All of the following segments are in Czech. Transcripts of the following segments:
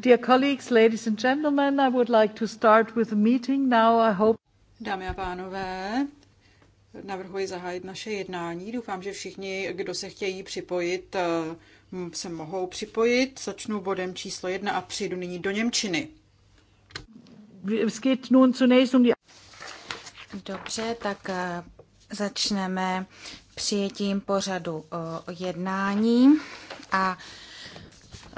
Dear colleagues, ladies and gentlemen, I would like to start with the meeting now. I hope... Dámy a pánové, navrhuji zahájit naše jednání. Doufám, že všichni, kdo se chtějí připojit, eh, se mohou připojit. Začnu bodem číslo jedna a přijdu nyní do Němčiny. Um Dobře, tak eh, začneme přijetím pořadu eh, jednání a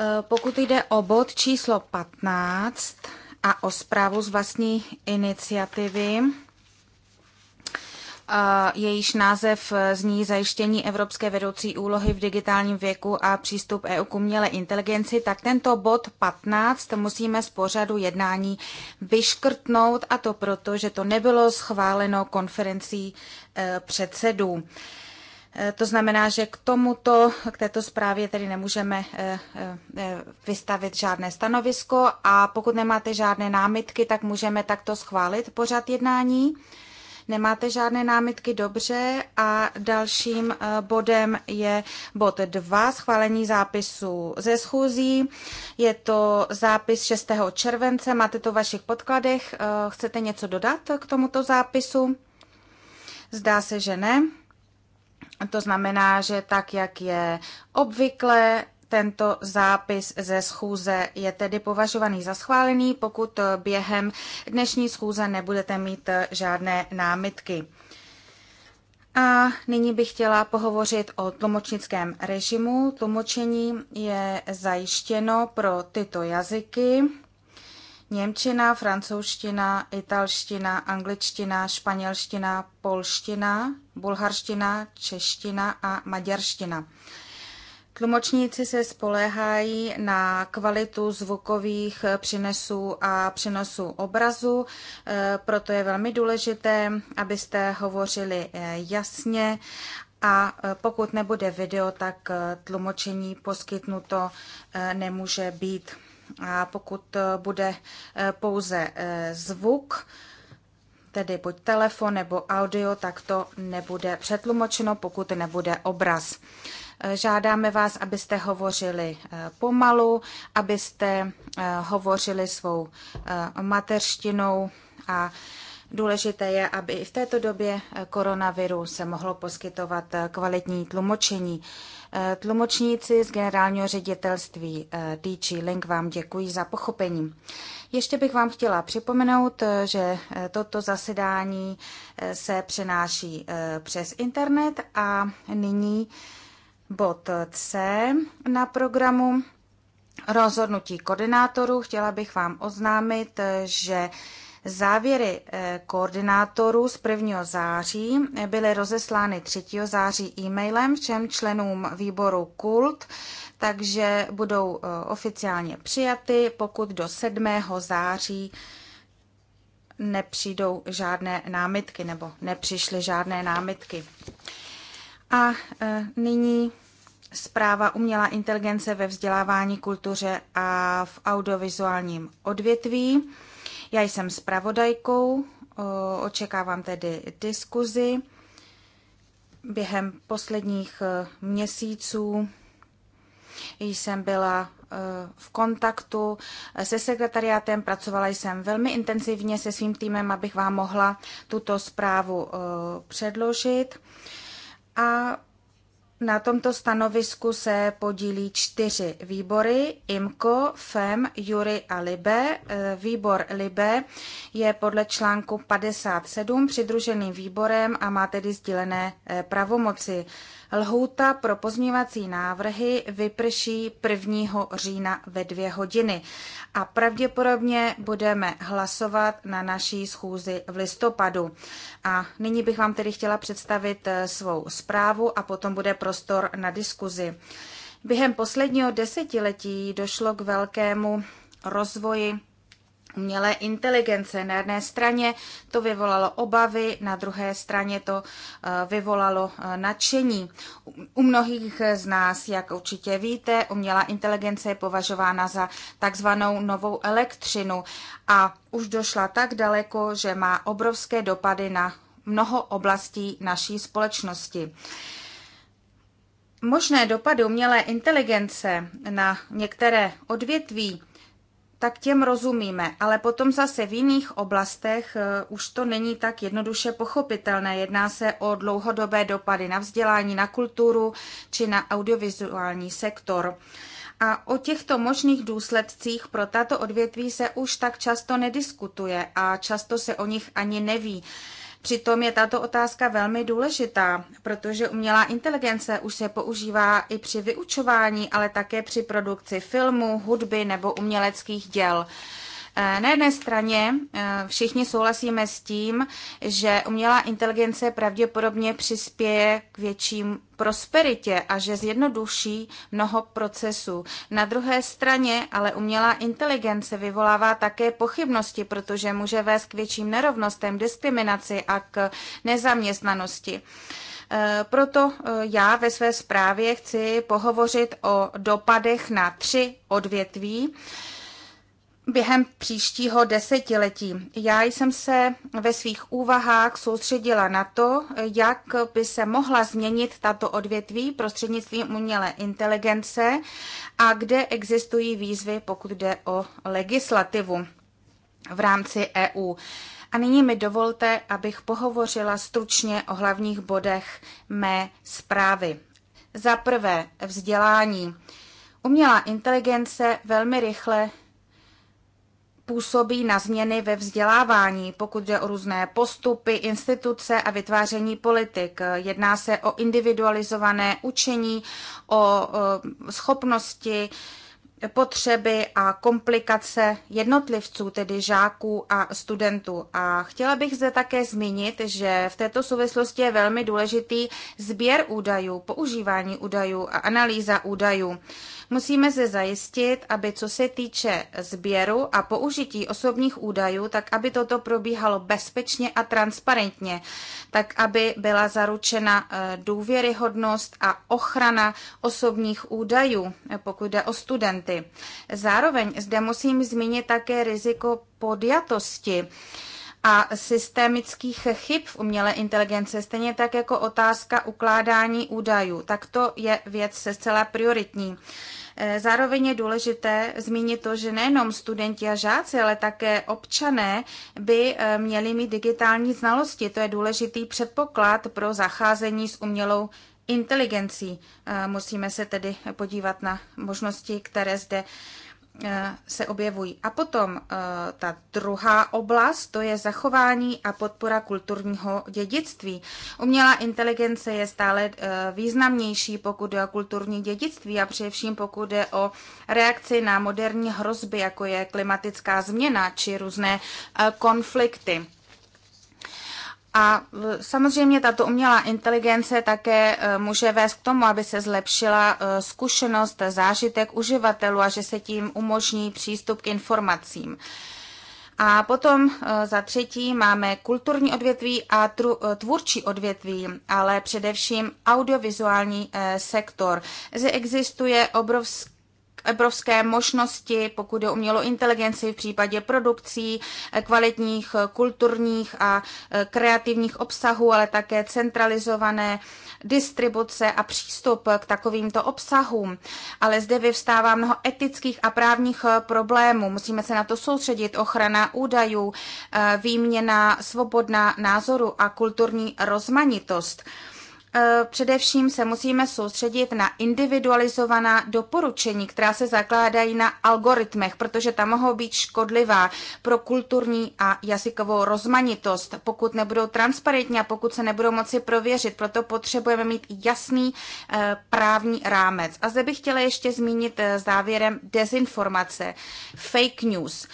Eh, pokud jde o bod číslo 15 a o zprávu z vlastní iniciativy, eh, jejíž název zní Zajištění evropské vedoucí úlohy v digitálním věku a přístup EU k umělé inteligenci, tak tento bod 15 musíme z pořadu jednání vyškrtnout a to proto, že to nebylo schváleno konferencí eh, předsedů. Eh, to znamená, že k tomuto, k této zprávě tedy nemůžeme eh, eh, vystavit žádné stanovisko a pokud nemáte žádné námitky, tak můžeme takto schválit pořad jednání. Nemáte žádné námitky, dobře. A dalším bodem je bod 2, schválení zápisu ze schůzí. Je to zápis 6. července, máte to v vašich podkladech. Chcete něco dodat k tomuto zápisu? Zdá se, že ne. To znamená, že tak, jak je obvykle, tento zápis ze schůze je tedy považovaný za schválený, pokud během dnešní schůze nebudete mít žádné námitky. A nyní bych chtěla pohovořit o tlumočnickém režimu. Tlumočení je zajištěno pro tyto jazyky. Němčina, francouzština, italština, angličtina, španělština, polština, bulharština, čeština a maďarština. Tlumočníci se spoléhají na kvalitu zvukových přinesů a přenosu obrazu, eh, proto je velmi důležité, abyste hovořili eh, jasně a eh, pokud nebude video, tak tlumočení poskytnuto nemůže být. A pokud eh, bude eh, pouze eh, zvuk, tedy buď telefon nebo audio, tak to nebude přetlumočeno, pokud nebude obraz. Žádáme vás, abyste hovořili pomalu, abyste hovořili svou mateřštinou a Důležité je, aby i v této době koronaviru se mohlo poskytovat kvalitní tlumočení. Tlumočníci z generálního ředitelství eh, DG Link vám děkuji za pochopení. Ještě bych vám chtěla připomenout, eh, že eh, toto zasedání se přenáší přes internet a nyní bod C na programu rozhodnutí koordinátorů. Chtěla bych vám oznámit, že Závěry eh, koordinátorů z 1. září eh, byly rozeslány 3. září e-mailem všem členům výboru KULT, takže budou eh, oficiálně přijaty, pokud do 7. září nepřijdou žádné námitky nebo nepřišly žádné námitky. A nyní zpráva umělá inteligence ve vzdělávání, kultuře a v audiovizuálním odvětví. Já jsem zpravodajkou, očekávám tedy diskuzi. Během posledních e, měsíců jsem byla e, v kontaktu se sekretariátem, pracovala jsem velmi intenzivně se svým týmem, abych vám mohla tuto zprávu e, předložit. A na tomto stanovisku se podílí čtyři výbory, IMCO, FEM, Jury a LIBE. E, výbor LIBE je podle článku 57 přidruženým výborem a má tedy sdílené e, pravomoci. Lhůta pro pozměňovací návrhy vyprší 1. října ve dvě hodiny a pravděpodobně budeme hlasovat na naší schůzi v listopadu. A nyní bych vám tedy chtěla představit eh, svou zprávu a potom bude prostor na diskuzi. Během posledního desetiletí došlo k velkému rozvoji umělé inteligence. Na jedné straně to vyvolalo obavy, na druhé straně to eh, vyvolalo eh, nadšení. U mnohých z nás, jak určitě víte, umělá inteligence je považována za takzvanou novou elektřinu a už došla tak daleko, že má obrovské dopady na mnoho oblastí naší společnosti. Možné dopady umělé inteligence na některé odvětví tak těm rozumíme, ale potom zase v jiných oblastech eh, už to není tak jednoduše pochopitelné. Jedná se o dlouhodobé dopady na vzdělání, na kulturu či na audiovizuální sektor. A o těchto možných důsledcích pro tato odvětví se už tak často nediskutuje a často se o nich ani neví. Přitom je tato otázka velmi důležitá, protože umělá inteligence už se používá i při vyučování, ale také při produkci filmu, hudby nebo uměleckých děl. Eh, na jedné straně eh, všichni souhlasíme s tím, že umělá inteligence pravděpodobně přispěje k větším prosperitě a že zjednoduší mnoho procesů. Na druhé straně ale umělá inteligence vyvolává také pochybnosti, protože může vést k větším nerovnostem, diskriminaci a k nezaměstnanosti. Eh, proto já ve své zprávě chci pohovořit o dopadech na tři odvětví během příštího desetiletí. Já jsem se ve svých úvahách soustředila na to, jak by se mohla změnit tato odvětví prostřednictvím umělé inteligence a kde existují výzvy, pokud jde o legislativu v rámci EU. A nyní mi dovolte, abych pohovořila stručně o hlavních bodech mé zprávy. Za prvé vzdělání. Umělá inteligence velmi rychle působí na změny ve vzdělávání, pokud jde o různé postupy, instituce a vytváření politik. Jedná se o individualizované učení, o schopnosti, potřeby a komplikace jednotlivců, tedy žáků a studentů. A chtěla bych zde také zmínit, že v této souvislosti je velmi důležitý sběr údajů, používání údajů a analýza údajů. Musíme se zajistit, aby co se týče sběru a použití osobních údajů, tak aby toto probíhalo bezpečně a transparentně, tak aby byla zaručena eh, důvěryhodnost a ochrana osobních údajů, eh, pokud jde o studenty priority. Zároveň zde musím zmínit také riziko podjatosti a systémických chyb v umělé inteligence, stejně tak jako otázka ukládání údajů. Tak to je věc zcela prioritní. E, zároveň je důležité zmínit to, že nejenom studenti a žáci, ale také občané by e, měli mít digitální znalosti. To je důležitý předpoklad pro zacházení s umělou inteligencí. Eh, musíme se tedy podívat na možnosti, které zde eh, se objevují. A potom eh, ta druhá oblast, to je zachování a podpora kulturního dědictví. Umělá inteligence je stále významnější, pokud je o kulturní dědictví a především pokud je o reakci na moderní hrozby, jako je klimatická změna či různé konflikty. A e, samozřejmě tato umělá inteligence také e, může vést k tomu, aby se zlepšila e, zkušenost, zážitek uživatelů a že se tím umožní přístup k informacím. A potom za třetí máme kulturní odvětví a tvůrčí odvětví, ale především audiovizuální sektor. Zde existuje obrovský evropské možnosti, pokud je umělou inteligenci v případě produkcí, eh, kvalitních eh, kulturních a eh, kreativních obsahů, ale také centralizované distribuce a přístup k takovýmto obsahům. Ale zde vyvstává mnoho etických a právních problémů. Musíme se na to soustředit. Ochrana údajů, výměna svobodná názoru a kulturní rozmanitost. Eh, především se musíme soustředit na individualizovaná doporučení, která se zakládají na algoritmech, protože ta mohou být škodlivá pro kulturní a jazykovou rozmanitost, pokud nebudou transparentní a pokud se nebudou moci prověřit. Proto potřebujeme mít jasný eh, právní rámec. A zde bych chtěla ještě zmínit eh, závěrem dezinformace, fake news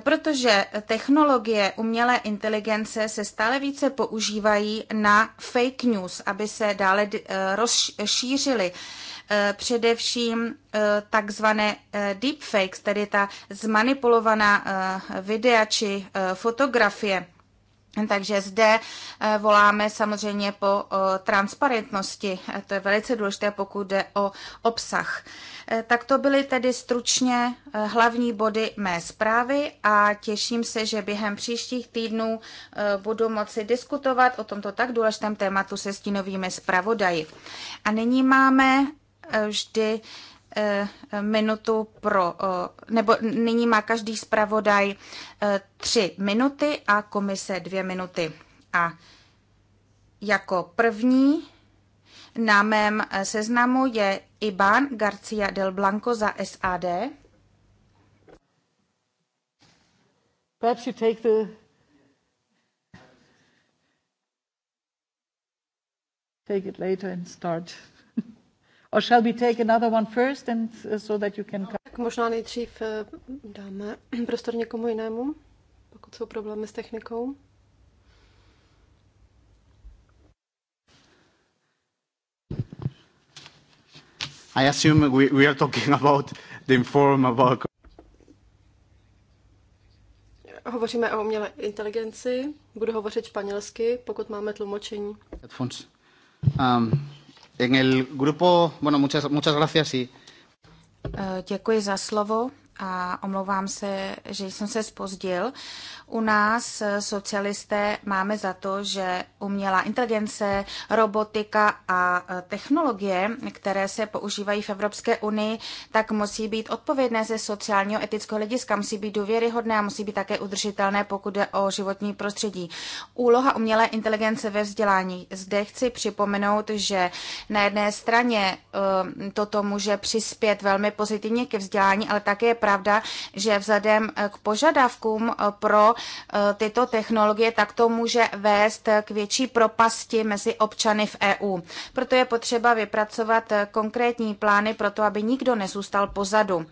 protože technologie umělé inteligence se stále více používají na fake news, aby se dále eh, rozšířily eh, především eh, takzvané deepfakes, tedy ta zmanipulovaná videa či fotografie. Takže zde eh, voláme samozřejmě po eh, transparentnosti. Eh, to je velice důležité, pokud jde o obsah. Tak to byly tedy stručně hlavní body mé zprávy a těším se, že během příštích týdnů budu moci diskutovat o tomto tak důležitém tématu se stínovými zpravodaji. A nyní máme vždy Eh, minutu pro, eh, nebo nyní má každý zpravodaj eh, tři minuty a komise dvě minuty. A jako první na mém seznamu je Iban Garcia del Blanco za SAD. Perhaps you take the take it later and start. Or shall we take another one first and uh, so that you can come? Tak možná nejdřív eh, dáme prostor někomu jinému, pokud jsou problémy s technikou. I assume we, we are talking about the inform about... Hovoříme o umělé inteligenci. Budu hovořit španělsky, pokud máme tlumočení. Um, En el grupo, bueno, muchas, muchas gracias y... Eh, děkuji za slovo a omlouvám se, že jsem se spozdil. U nás eh, socialisté máme za to, že umělá inteligence, robotika a eh, technologie, které se používají v Evropské unii, tak musí být odpovědné ze sociálního etického hlediska, musí být důvěryhodné a musí být také udržitelné, pokud jde o životní prostředí. Úloha umělé inteligence ve vzdělání. Zde chci připomenout, že na jedné straně eh, toto může přispět velmi pozitivně ke vzdělání, ale také pravda, že vzhledem eh, k požadavkům eh, pro eh, tyto technologie, tak to může vést k větší propasti mezi občany v EU. Proto je potřeba vypracovat konkrétní plány pro to, aby nikdo nezůstal pozadu.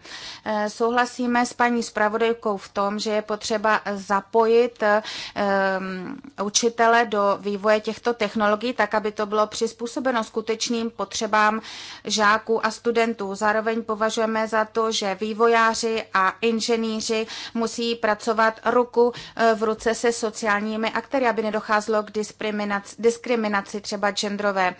Souhlasíme s paní zpravodajkou v tom, že je potřeba zapojit ehm, učitele do vývoje těchto technologií, tak aby to bylo přizpůsobeno skutečným potřebám žáků a studentů. Zároveň považujeme za to, že vývojáři lékaři a inženýři musí pracovat ruku eh, v ruce se sociálními aktéry, aby nedocházelo k diskriminaci, diskriminaci třeba genderové.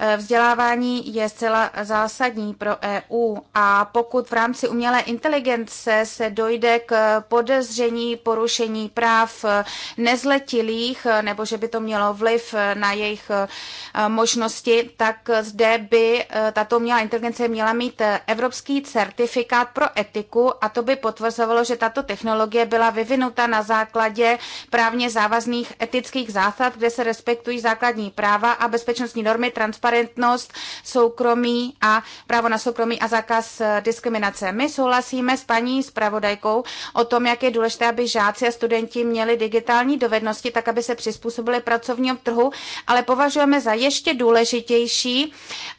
Eh, vzdělávání je zcela zásadní pro EU a pokud v rámci umělé inteligence se dojde k podezření porušení práv eh, nezletilých, nebo že by to mělo vliv na jejich možnosti, tak zde by tato umělá inteligence měla mít evropský certifikát pro etiku, roku a to by potvrzovalo, že tato technologie byla vyvinuta na základě právně závazných etických zásad, kde se respektují základní práva a bezpečnostní normy, transparentnost, soukromí a právo na soukromí a zákaz eh, diskriminace. My souhlasíme s paní zpravodajkou o tom, jak je důležité, aby žáci a studenti měli digitální dovednosti, tak aby se přizpůsobili pracovního trhu, ale považujeme za ještě důležitější,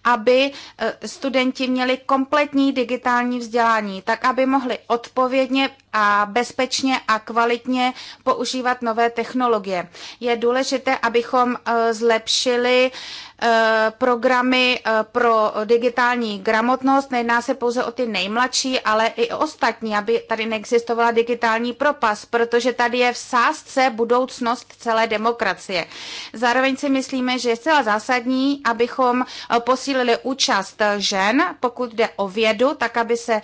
aby eh, studenti měli kompletní digitální vzdělání, tak aby mohli odpovědně a bezpečně a kvalitně používat nové technologie. Je důležité, abychom eh, zlepšili Eh, programy eh, pro digitální gramotnost. Nejedná se pouze o ty nejmladší, ale i o ostatní, aby tady neexistovala digitální propas, protože tady je v sázce budoucnost celé demokracie. Zároveň si myslíme, že je zcela zásadní, abychom eh, posílili účast žen, pokud jde o vědu, tak aby se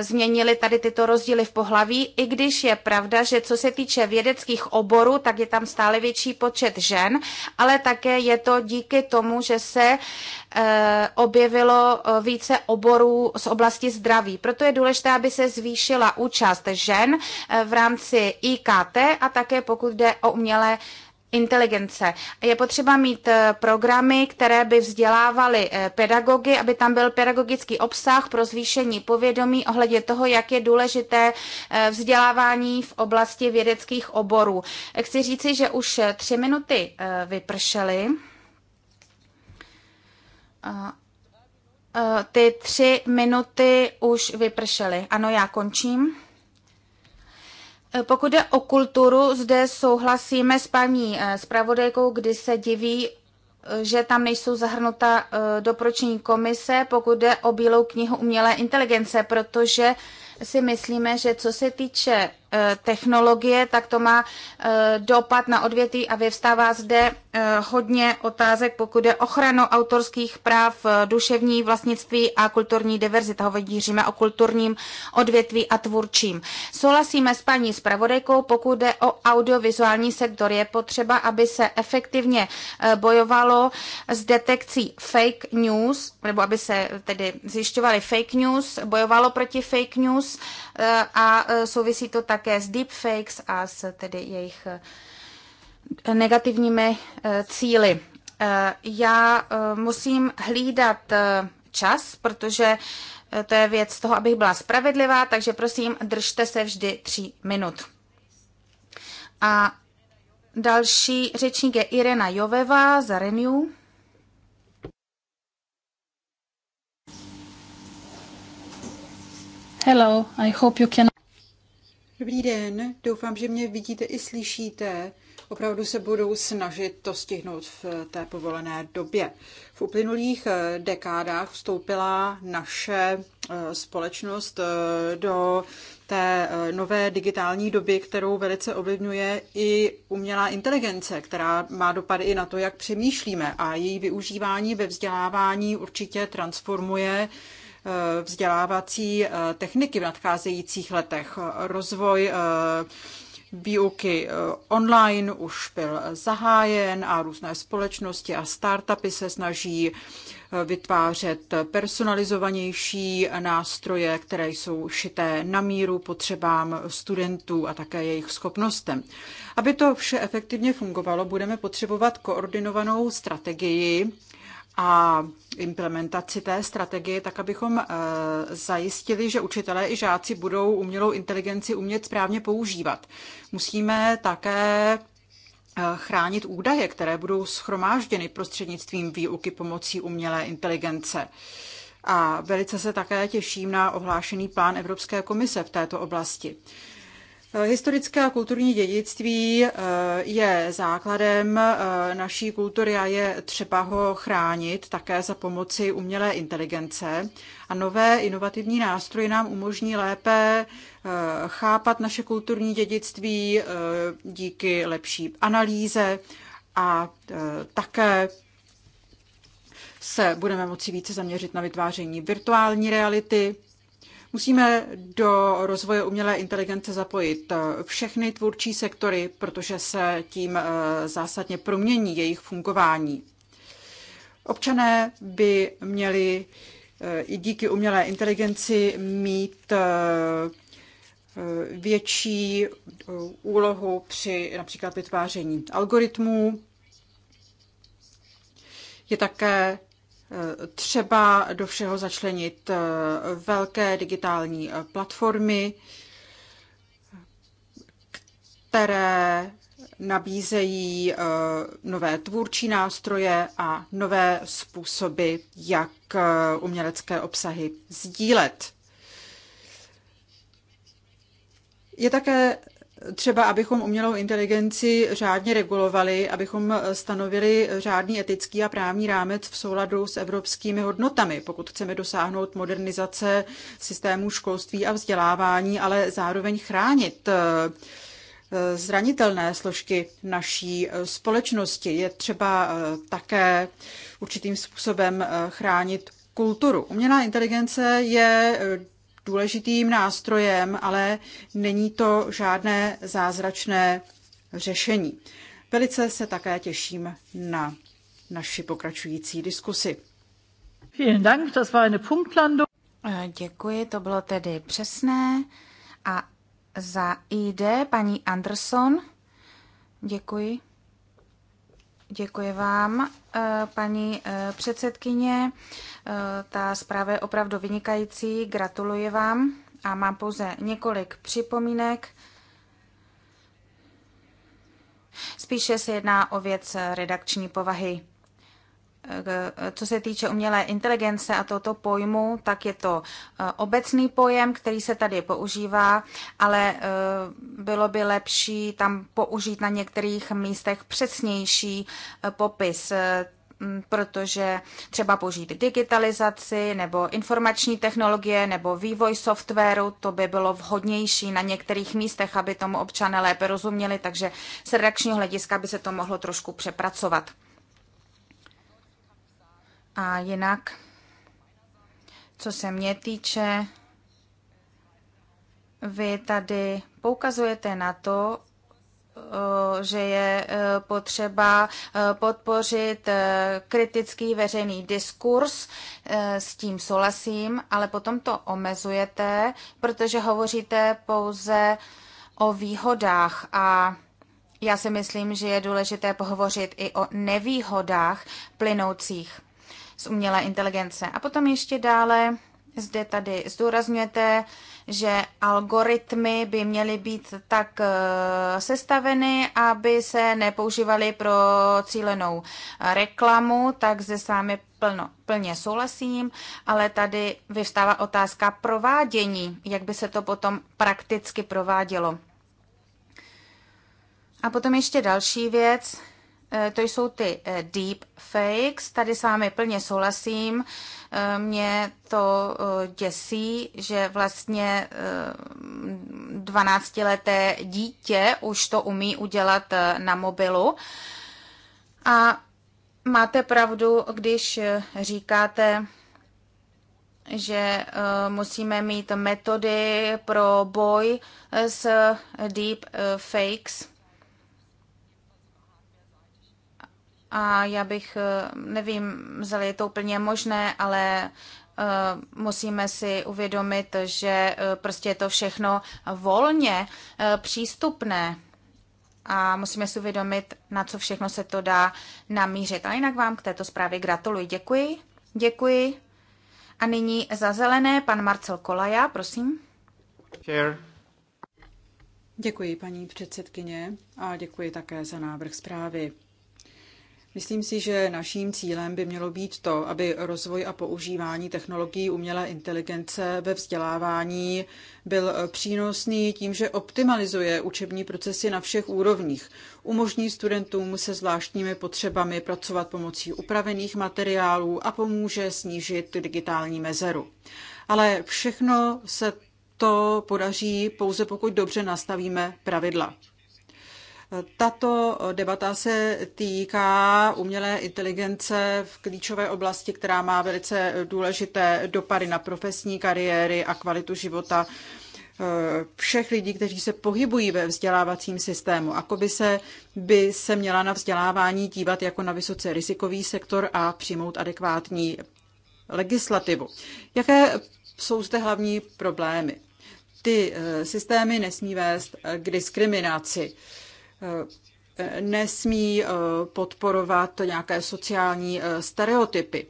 změnily tady tyto rozdíly v pohlaví, i když je pravda, že co se týče vědeckých oborů, tak je tam stále větší počet žen, ale také je to díky tomu, tomu, že se eh, objevilo eh, více oborů z oblasti zdraví. Proto je důležité, aby se zvýšila účast žen eh, v rámci IKT a také pokud jde o umělé inteligence. Je potřeba mít programy, které by vzdělávaly pedagogy, aby tam byl pedagogický obsah pro zvýšení povědomí ohledně toho, jak je důležité vzdělávání v oblasti vědeckých oborů. Chci říci, že už tři minuty vypršely. E, ty tři minuty už vypršely. Ano, já končím. E, pokud jde o kulturu, zde souhlasíme s paní e, zpravodajkou, kdy se diví, že tam nejsou zahrnuta doporučení komise, pokud jde o Bílou knihu umělé inteligence, protože si myslíme, že co se týče Eh, technologie, tak to má eh, dopad na odvětví a vyvstává zde eh, hodně otázek, pokud je ochranu autorských práv, duševní vlastnictví a kulturní diverzita. Hovoříme o kulturním odvětví a tvůrčím. Souhlasíme s paní zpravodajkou, pokud jde o audiovizuální sektor. Je potřeba, aby se efektivně bojovalo s detekcí fake news, nebo aby se tedy zjišťovaly fake news, bojovalo proti fake news a souvisí to tak také s deepfakes a s tedy jejich eh, negativními eh, cíly. Eh, já musím hlídat čas, protože to je věc toho, abych byla spravedlivá, takže prosím, držte se vždy tři minut. A další řečník je Irena Joveva za Renew. Hello, I hope you can... Dobrý den, doufám, že mě vidíte i slyšíte. Opravdu se budou snažit to stihnout v té povolené době. V uplynulých eh, dekádách vstoupila naše eh, společnost eh, do té nové digitální doby, kterou velice ovlivňuje i umělá inteligence, která má dopady i na to, jak přemýšlíme a její využívání ve vzdělávání určitě transformuje Eh, vzdělávací eh, techniky v nadcházejících letech. Rozvoj eh, výuky online už byl zahájen a různé společnosti a startupy se snaží vytvářet personalizovanější nástroje, které jsou šité na míru potřebám studentů a také jejich schopnostem. Aby to vše efektivně fungovalo, budeme potřebovat koordinovanou strategii a implementaci té strategie, tak abychom eh, zajistili, že učitelé i žáci budou umělou inteligenci umět správně používat. Musíme také eh, chránit údaje, které budou schromážděny prostřednictvím výuky pomocí umělé inteligence. A velice se také těším na ohlášený plán Evropské komise v této oblasti. Eh, historické a kulturní dědictví eh, je základem eh, naší kultury a je třeba ho chránit také za pomoci umělé inteligence. A nové inovativní nástroje nám umožní lépe chápat naše kulturní dědictví díky lepší analýze a také se budeme moci více zaměřit na vytváření virtuální reality, Musíme do rozvoje umělé inteligence zapojit eh, všechny tvůrčí sektory, protože se tím eh, zásadně promění jejich fungování. Občané by měli eh, i díky umělé inteligenci mít větší úlohu při například vytváření algoritmů. Je také třeba do všeho začlenit eh, velké digitální eh, platformy, které nabízejí eh, nové tvůrčí nástroje a nové způsoby, jak umělecké obsahy sdílet. Je také třeba abychom umělou inteligenci řádně regulovali, abychom eh, stanovili řádný etický a právní rámec v souladu s evropskými hodnotami, pokud chceme dosáhnout modernizace systému školství a vzdělávání, ale zároveň chránit eh, eh, zranitelné složky naší společnosti. Je třeba také určitým způsobem chránit kulturu. Umělá inteligence je důležitým nástrojem, ale není to žádné zázračné řešení. Velice se také těším na naši pokračující diskusi. Vielen Dank, das war eine Punktlandung. Eh, děkuji, to bylo tedy přesné. A za ID paní Anderson. Děkuji. Děkuji vám Eh, paní eh, předsedkyně. Eh, ta zpráva je opravdu vynikající. Gratuluji vám a mám pouze několik připomínek. Spíše se jedná o věc redakční povahy. Eh, co se týče umělé inteligence a tohoto pojmu, tak je to eh, obecný pojem, který se tady používá, ale eh, bylo by lepší tam použít na některých místech přesnější popis protože třeba použít digitalizaci nebo informační technologie nebo vývoj softwaru, to by bylo vhodnější na některých místech, aby tomu občané lépe rozuměli, takže z redakčního hlediska by se to mohlo trošku přepracovat. A jinak, co se mě týče, vy tady poukazujete na to, eh, že je eh, potřeba eh, podpořit kritický veřejný diskurs, s tím souhlasím, ale potom to omezujete, protože hovoříte pouze o výhodách a já si myslím, že je důležité pohovořit i o nevýhodách plynoucích z umělé inteligence. A potom ještě dále zde tady zdůrazňujete, že algoritmy by měly být tak eh, sestaveny, aby se nepoužívaly pro cílenou eh, reklamu, tak se sámi plno, plně souhlasím, ale tady vyvstává otázka provádění, jak by se to potom prakticky provádělo. A potom ještě další věc, Eh, to jsou ty eh, deep fakes. Tady s vámi plně souhlasím. Eh, mě to děsí, že vlastně 12-leté dítě už to umí udělat na mobilu. A máte pravdu, když říkáte, že musíme mít metody pro boj s deep fakes a já bych, eh, nevím, zda je to úplně možné, ale eh, musíme si uvědomit, že eh, prostě je to všechno volně přístupné a musíme si uvědomit, na co všechno se to dá namířit. A jinak vám k této zprávě gratuluji. Děkuji. Děkuji. A nyní za zelené pan Marcel Kolaja, prosím. Chair. Děkuji, paní předsedkyně, a děkuji také za návrh zprávy. Myslím si, že naším cílem by mělo být to, aby rozvoj a používání technologií umělé inteligence ve vzdělávání byl eh, přínosný tím, že optimalizuje učební procesy na všech úrovních. Umožní studentům se zvláštními potřebami pracovat pomocí upravených materiálů a pomůže snížit digitální mezeru. Ale všechno se to podaří pouze pokud dobře nastavíme pravidla. Tato debata se týká umělé inteligence v klíčové oblasti, která má velice důležité dopady na profesní kariéry a kvalitu života eh, všech lidí, kteří se pohybují ve vzdělávacím systému. Ako by se by se měla na vzdělávání dívat jako na vysoce rizikový sektor a přijmout adekvátní legislativu. Jaké jsou zde hlavní problémy? Ty eh, systémy nesmí vést k diskriminaci. Eh, nesmí eh, podporovat nějaké sociální eh, stereotypy.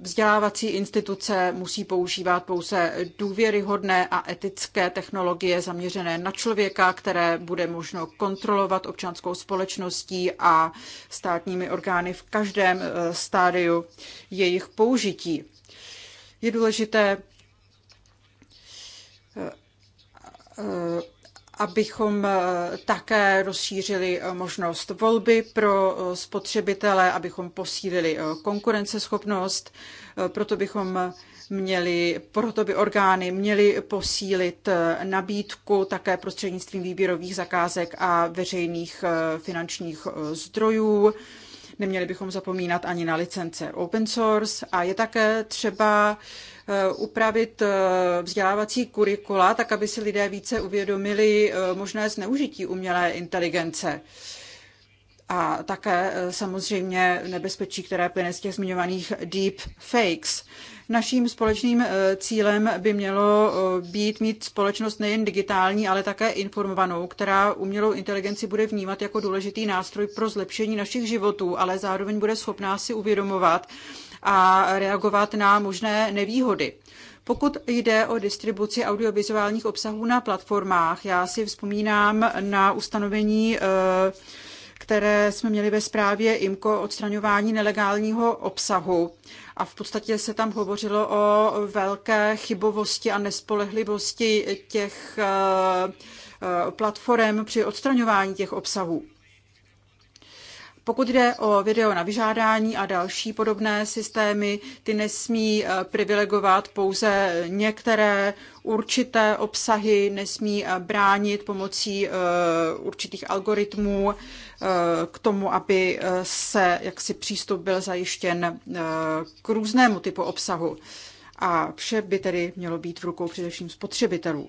Vzdělávací instituce musí používat pouze důvěryhodné a etické technologie zaměřené na člověka, které bude možno kontrolovat občanskou společností a státními orgány v každém stádiu jejich použití. Je důležité abychom eh, také rozšířili eh, možnost volby pro eh, spotřebitele, abychom posílili konkurenceschopnost, proto bychom měli, proto by orgány měly posílit nabídku také prostřednictvím výběrových zakázek a veřejných finančních zdrojů. Neměli bychom zapomínat ani na licence open source a je také třeba uh, Eh, upravit eh, vzdělávací kurikula, tak aby si lidé více uvědomili eh, možné zneužití umělé inteligence. A také samozřejmě nebezpečí, které plyne z těch zmiňovaných deep fakes. Naším společným cílem by mělo být mít společnost nejen digitální, ale také informovanou, která umělou inteligenci bude vnímat jako důležitý nástroj pro zlepšení našich životů, ale zároveň bude schopná si uvědomovat, a reagovat na možné nevýhody. Pokud jde o distribuci audiovizuálních obsahů na platformách, já si vzpomínám na ustanovení eh, které jsme měli ve zprávě IMCO odstraňování nelegálního obsahu. A v podstatě se tam hovořilo o velké chybovosti a nespolehlivosti těch eh, eh, platform při odstraňování těch obsahů. Pokud jde o video na vyžádání a další podobné systémy, ty nesmí eh, privilegovat pouze některé určité obsahy, nesmí eh, bránit pomocí eh, určitých algoritmů k tomu, aby se jaksi přístup byl zajištěn k různému typu obsahu. A vše by tedy mělo být v rukou především spotřebitelů.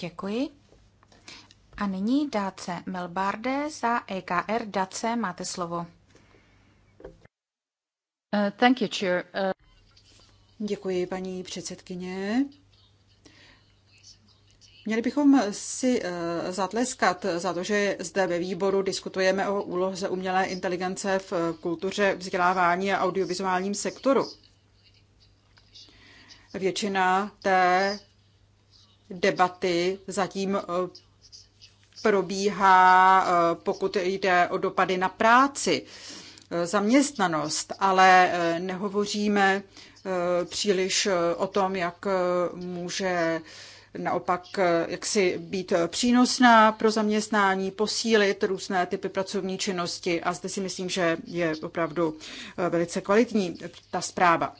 Děkuji. A nyní Dáce Melbarde za EKR. Dáce, máte slovo. Uh, thank you, Chair. Uh... Děkuji, paní předsedkyně. Měli bychom si uh, zatleskat za to, že zde ve výboru diskutujeme o úloze umělé inteligence v uh, kultuře, vzdělávání a audiovizuálním sektoru. Většina té debaty zatím uh, probíhá, eh, pokud jde o dopady na práci, eh, zaměstnanost, ale eh, nehovoříme příliš o tom, jak může naopak jak si být přínosná pro zaměstnání, posílit různé typy pracovní činnosti a zde si myslím, že je opravdu velice kvalitní ta zpráva.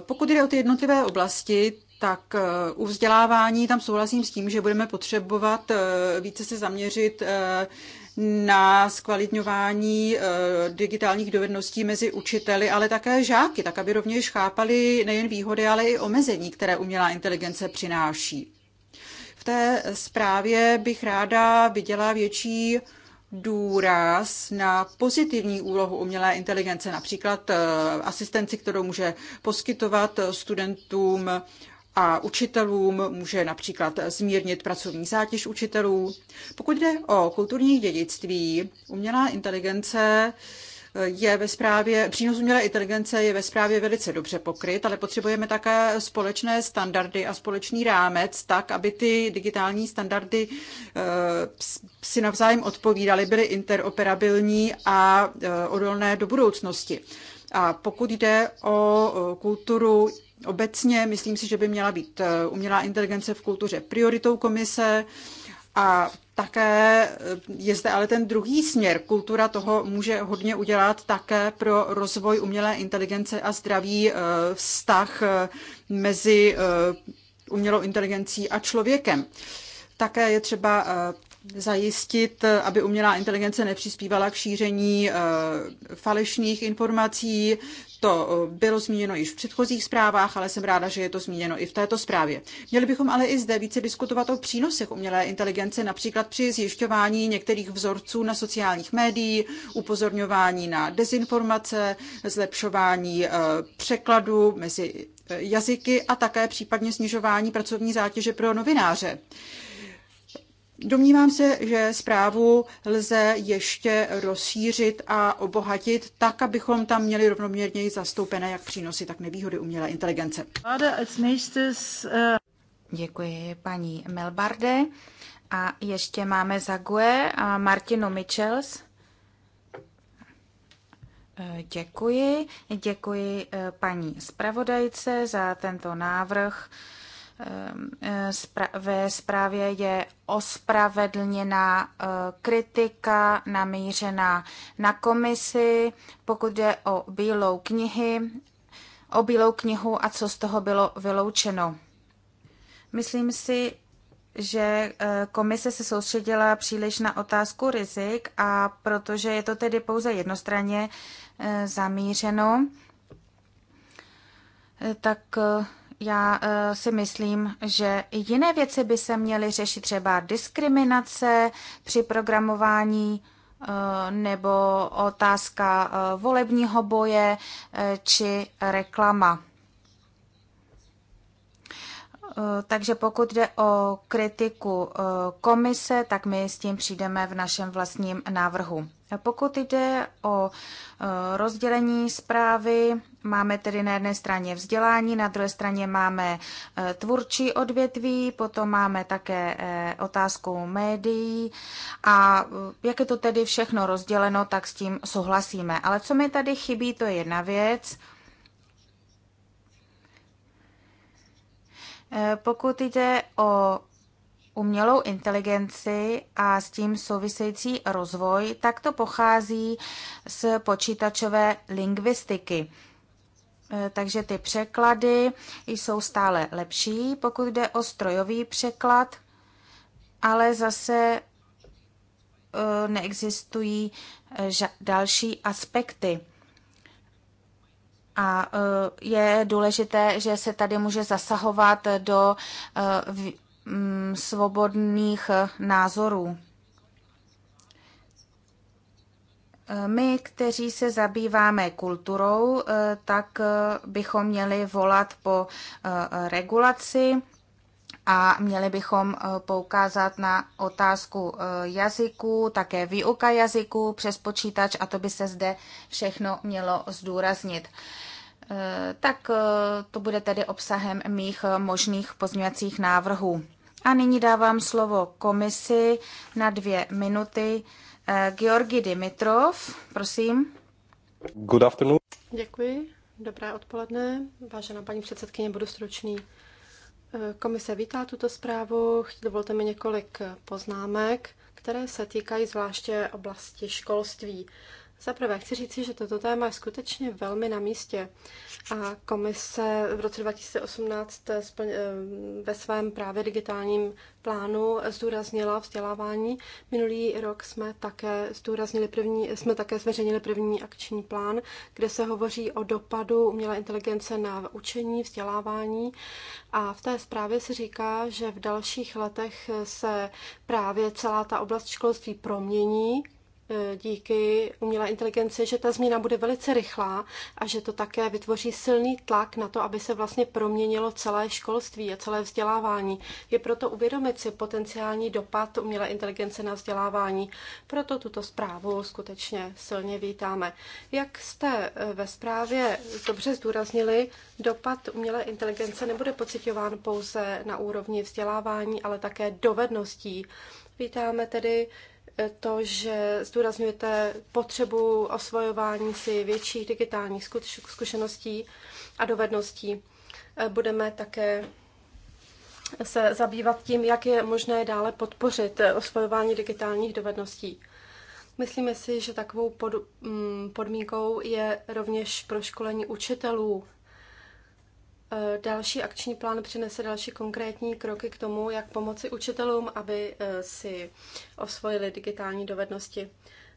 Pokud jde o ty jednotlivé oblasti, tak eh, u vzdělávání tam souhlasím s tím, že budeme potřebovat eh, více se zaměřit eh, na zkvalitňování digitálních dovedností mezi učiteli, ale také žáky, tak aby rovněž chápali nejen výhody, ale i omezení, které umělá inteligence přináší. V té zprávě bych ráda viděla větší důraz na pozitivní úlohu umělé inteligence, například asistenci, kterou může poskytovat studentům a učitelům, může například zmírnit pracovní zátěž učitelů. Pokud jde o kulturní dědictví, umělá inteligence je ve správě, přínos umělé inteligence je ve správě velice dobře pokryt, ale potřebujeme také společné standardy a společný rámec, tak, aby ty digitální standardy eh, si navzájem odpovídaly, byly interoperabilní a eh, odolné do budoucnosti. A pokud jde o kulturu obecně. Myslím si, že by měla být eh, umělá inteligence v kultuře prioritou komise a také eh, je zde ale ten druhý směr. Kultura toho může hodně udělat také pro rozvoj umělé inteligence a zdravý eh, vztah mezi umělou inteligencí a člověkem. Také je třeba zajistit, aby umělá inteligence nepřispívala k šíření falešných informací, to eh, bylo zmíněno již v předchozích zprávách, ale jsem ráda, že je to zmíněno i v této zprávě. Měli bychom ale i zde více diskutovat o přínosech umělé inteligence, například při zjišťování některých vzorců na sociálních médií, upozorňování na dezinformace, zlepšování eh, překladu mezi eh, jazyky a také případně snižování pracovní zátěže pro novináře. Domnívám se, že zprávu lze ještě rozšířit a obohatit tak, abychom tam měli rovnoměrněji zastoupené jak přínosy, tak nevýhody umělé inteligence. Eh, děkuji paní Melbarde. A ještě máme Zague a eh, Martinu Michels. Eh, děkuji. Děkuji paní zpravodajce za tento návrh ve zprávě je ospravedlněná eh, kritika namířená na komisi, pokud jde o bílou knihy, o bílou knihu a co z toho bylo vyloučeno. Myslím si, že eh, komise se soustředila příliš na otázku rizik a protože je to tedy pouze jednostranně eh, zamířeno, tak já eh, si myslím, že jiné věci by se měly řešit, třeba diskriminace při programování eh, nebo otázka eh, volebního boje či reklama. Takže pokud jde o kritiku komise, tak my s tím přijdeme v našem vlastním návrhu. Pokud jde o rozdělení zprávy, Máme tedy na jedné straně vzdělání, na druhé straně máme e, tvůrčí odvětví, potom máme také e, otázku médií a e, jak je to tedy všechno rozděleno, tak s tím souhlasíme. Ale co mi tady chybí, to je jedna věc. Pokud jde o umělou inteligenci a s tím související rozvoj, tak to pochází z počítačové lingvistiky. Eh, takže ty překlady jsou stále lepší, pokud jde o strojový překlad, ale zase eh, neexistují eh, další aspekty. A je důležité, že se tady může zasahovat do mm, svobodných názorů. My, kteří se zabýváme kulturou, eh, tak eh, bychom měli volat po eh, regulaci a měli bychom poukázat na otázku jazyku, také výuka jazyku přes počítač a to by se zde všechno mělo zdůraznit. Tak to bude tedy obsahem mých možných pozměňovacích návrhů. A nyní dávám slovo komisi na dvě minuty Eh, Georgi Dimitrov, prosím. Good afternoon. Děkuji. Dobré odpoledne. Vážená paní předsedkyně, budu stručný. Eh, komise vítá tuto zprávu. Dovolte mi několik poznámek, které se týkají zvláště oblasti školství. Za prvé chci říci, že toto téma je skutečně velmi na místě a komise v roce 2018 eh, eh, ve svém právě digitálním plánu zdůraznila vzdělávání. Minulý rok jsme také zdůraznili první, jsme také zveřejnili první akční plán, kde se hovoří o dopadu umělé inteligence na učení, vzdělávání a v té zprávě se říká, že v dalších letech se právě celá ta oblast školství promění, Eh, díky umělé inteligenci, že ta změna bude velice rychlá a že to také vytvoří silný tlak na to, aby se vlastně proměnilo celé školství a celé vzdělávání. Je proto uvědomit si potenciální dopad umělé inteligence na vzdělávání. Proto tuto zprávu skutečně silně vítáme. Jak jste eh, ve zprávě dobře zdůraznili, dopad umělé inteligence nebude pocitován pouze na úrovni vzdělávání, ale také dovedností Vítáme tedy to, že zdůrazňujete potřebu osvojování si větších digitálních zkušeností a dovedností. Eh, budeme také se zabývat tím, jak je možné dále podpořit eh, osvojování digitálních dovedností. Myslíme si, že takovou mm, podmínkou je rovněž proškolení učitelů Eh, další akční plán přinese další konkrétní kroky k tomu, jak pomoci učitelům, aby eh, si osvojili digitální dovednosti.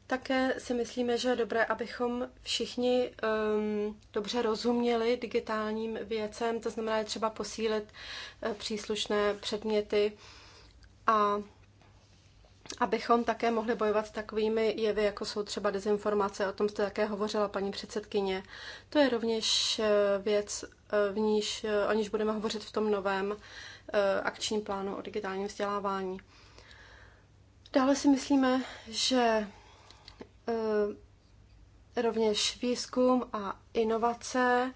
Také si myslíme, že je dobré, abychom všichni um, dobře rozuměli digitálním věcem, to znamená, je třeba posílit eh, příslušné předměty a abychom také mohli bojovat s takovými jevy, jako jsou třeba dezinformace, o tom jste také hovořila paní předsedkyně. To je rovněž eh, věc, eh, v níž, eh, o níž budeme hovořit v tom novém akčním plánu o digitálním vzdělávání. Dále si myslíme, že rovněž výzkum a inovace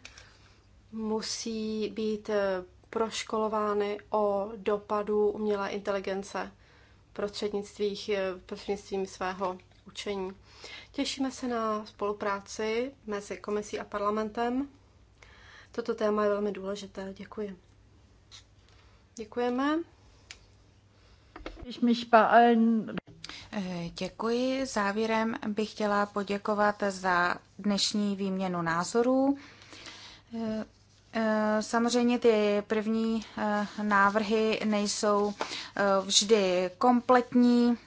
musí být proškolovány o dopadu umělé inteligence. Eh, prostřednictvím svého učení. Těšíme se na spolupráci mezi komisí a parlamentem. Toto téma je velmi důležité. Děkuji. Děkujeme. Eh, eh, děkuji. Závěrem bych chtěla poděkovat za dnešní výměnu názorů. Eh, samozřejmě ty první eh, návrhy nejsou eh, vždy kompletní,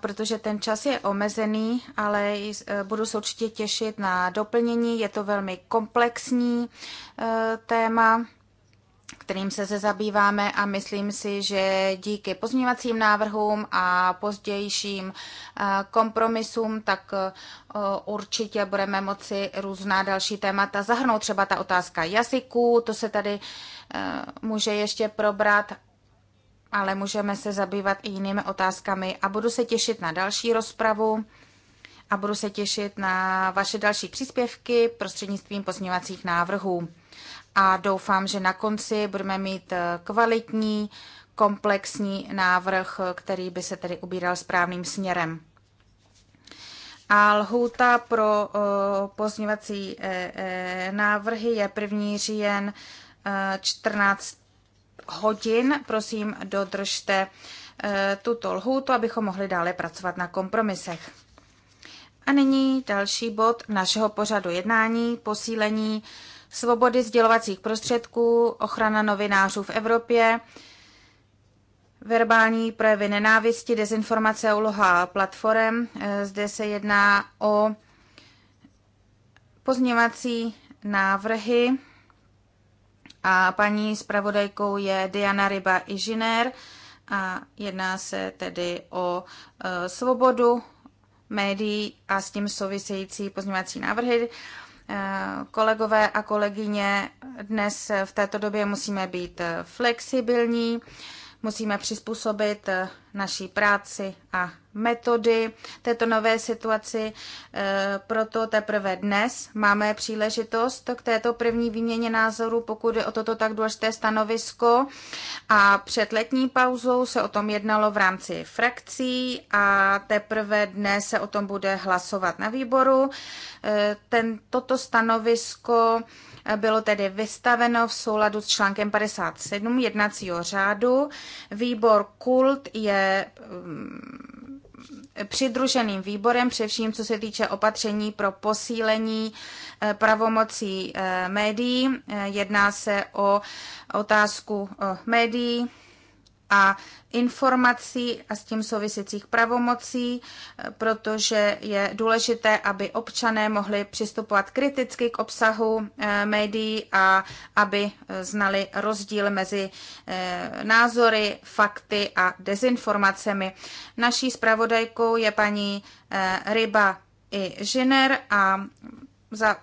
protože ten čas je omezený, ale budu se určitě těšit na doplnění. Je to velmi komplexní téma kterým se, se zabýváme a myslím si, že díky pozměňovacím návrhům a pozdějším eh, kompromisům, tak eh, určitě budeme moci různá další témata zahrnout. Třeba ta otázka jazyků, to se tady eh, může ještě probrat, ale můžeme se zabývat i jinými otázkami a budu se těšit na další rozpravu a budu se těšit na vaše další příspěvky prostřednictvím pozměňovacích návrhů a doufám, že na konci budeme mít eh, kvalitní, komplexní návrh, eh, který by se tedy ubíral správným směrem. A lhůta pro eh, pozměvací návrhy je 1. říjen 14 hodin. Prosím, dodržte tuto lhůtu, abychom mohli dále pracovat na kompromisech. A nyní další bod našeho pořadu jednání, posílení svobody sdělovacích prostředků, ochrana novinářů v Evropě, verbální projevy nenávisti, dezinformace a úloha platform. Eh, Zde se jedná o pozměvací návrhy a paní zpravodajkou je Diana Ryba Ižiner a jedná se tedy o eh, svobodu médií a s tím související pozměvací návrhy kolegové a kolegyně, dnes v této době musíme být flexibilní Musíme přizpůsobit eh, naší práci a metody této nové situaci. Eh, proto teprve dnes máme příležitost k této první výměně názorů, pokud je o toto tak důležité stanovisko. A před letní pauzou se o tom jednalo v rámci frakcí a teprve dnes se o tom bude hlasovat na výboru. Eh, ten, toto stanovisko bylo tedy vystaveno v souladu s článkem 57 jednacího řádu. Výbor kult je mm, přidruženým výborem, především co se týče opatření pro posílení eh, pravomocí eh, médií. Eh, jedná se o otázku médií, a informací a s tím souvisejících pravomocí, eh, protože je důležité, aby občané mohli přistupovat kriticky k obsahu eh, médií a aby eh, znali rozdíl mezi názory, fakty a dezinformacemi. Naší zpravodajkou je paní Ryba i Žiner a za,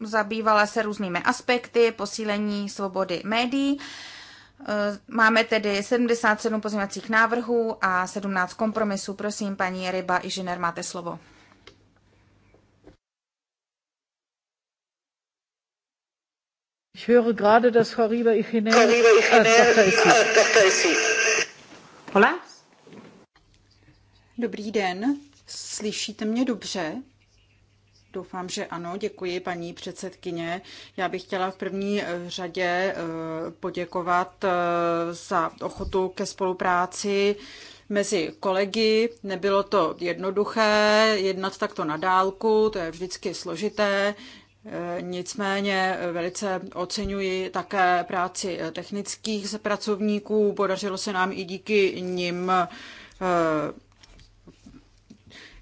zabývala se různými aspekty posílení svobody médií. Eh, máme tedy 77 pozměňovacích návrhů a 17 kompromisů. Prosím, paní Ryba i Žiner, máte slovo. Ich höre gerade, dass Frau Riva Ichiner... Ah, ah, Hola? Dobrý den, slyšíte mě dobře? Doufám, že ano. Děkuji, paní předsedkyně. Já bych chtěla v první eh, řadě eh, poděkovat eh, za ochotu ke spolupráci mezi kolegy. Nebylo to jednoduché jednat takto na dálku, to je vždycky složité. Nicméně velice oceňuji také práci technických pracovníků. Podařilo se nám i díky nim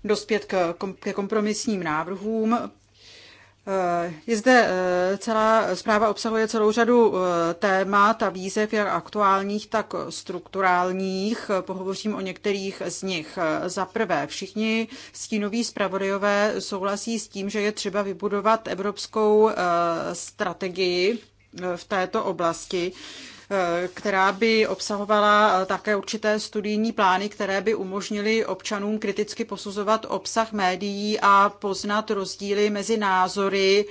dospět ke kompromisním návrhům. Eh, je zde eh, celá zpráva obsahuje celou řadu eh, témat a výzev, jak aktuálních, tak strukturálních. Pohovořím o některých z nich. Za prvé, všichni stínoví zpravodajové souhlasí s tím, že je třeba vybudovat evropskou strategii v této oblasti která by obsahovala eh, také určité studijní plány, které by umožnily občanům kriticky posuzovat obsah médií a poznat rozdíly mezi názory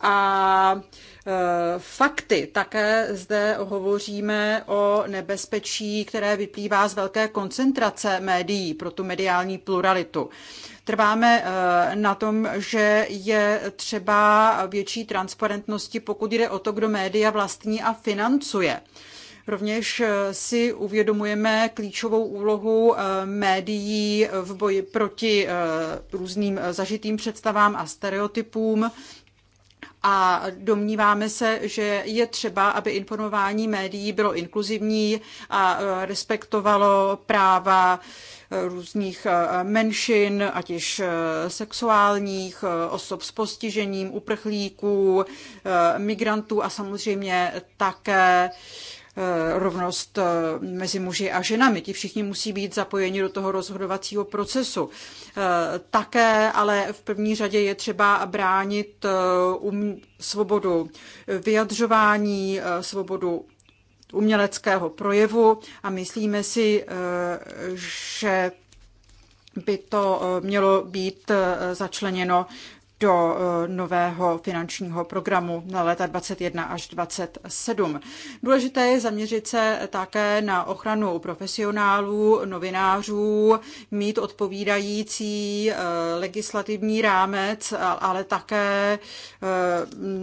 a eh, fakty. Také zde hovoříme o nebezpečí, které vyplývá z velké koncentrace médií pro tu mediální pluralitu. Trváme eh, na tom, že je třeba větší transparentnosti, pokud jde o to, kdo média vlastní a financuje. Rovněž eh, si uvědomujeme klíčovou úlohu eh, médií v boji proti různým zažitým představám a stereotypům a domníváme se, že je třeba, aby informování médií bylo inkluzivní a e, respektovalo práva e, různých e, menšin, ať již sexuálních, osob s postižením, uprchlíků, migrantů a samozřejmě také Eh, rovnost eh, mezi muži a ženami. Ti všichni musí být zapojeni do toho rozhodovacího procesu. Eh, také, ale v první řadě je třeba bránit um, svobodu vyjadřování, svobodu uměleckého projevu a myslíme si, že by to mělo být začleněno do eh, nového finančního programu na léta 21 až 27. Důležité je zaměřit se také na ochranu profesionálů, novinářů, mít odpovídající eh, legislativní rámec, ale také eh,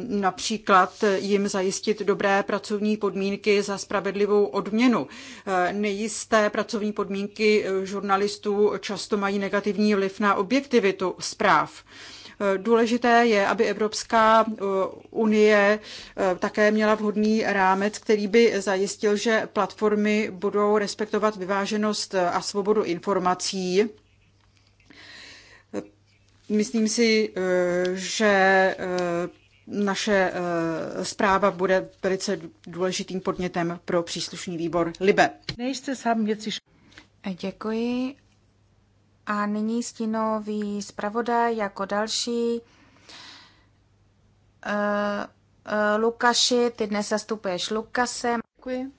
například jim zajistit dobré pracovní podmínky za spravedlivou odměnu. Nejisté pracovní podmínky žurnalistů často mají negativní vliv na objektivitu zpráv. Eh, důležité je, aby Evropská eh, unie eh, také měla vhodný rámec, který by zajistil, že platformy budou respektovat vyváženost a svobodu informací. Myslím si, že naše zpráva bude velice důležitým podnětem pro příslušný výbor LIBE. Děkuji a nyní stínový zpravodaj jako další. Eh, eh, Lukaši, ty dnes zastupuješ Lukase. Děkuji.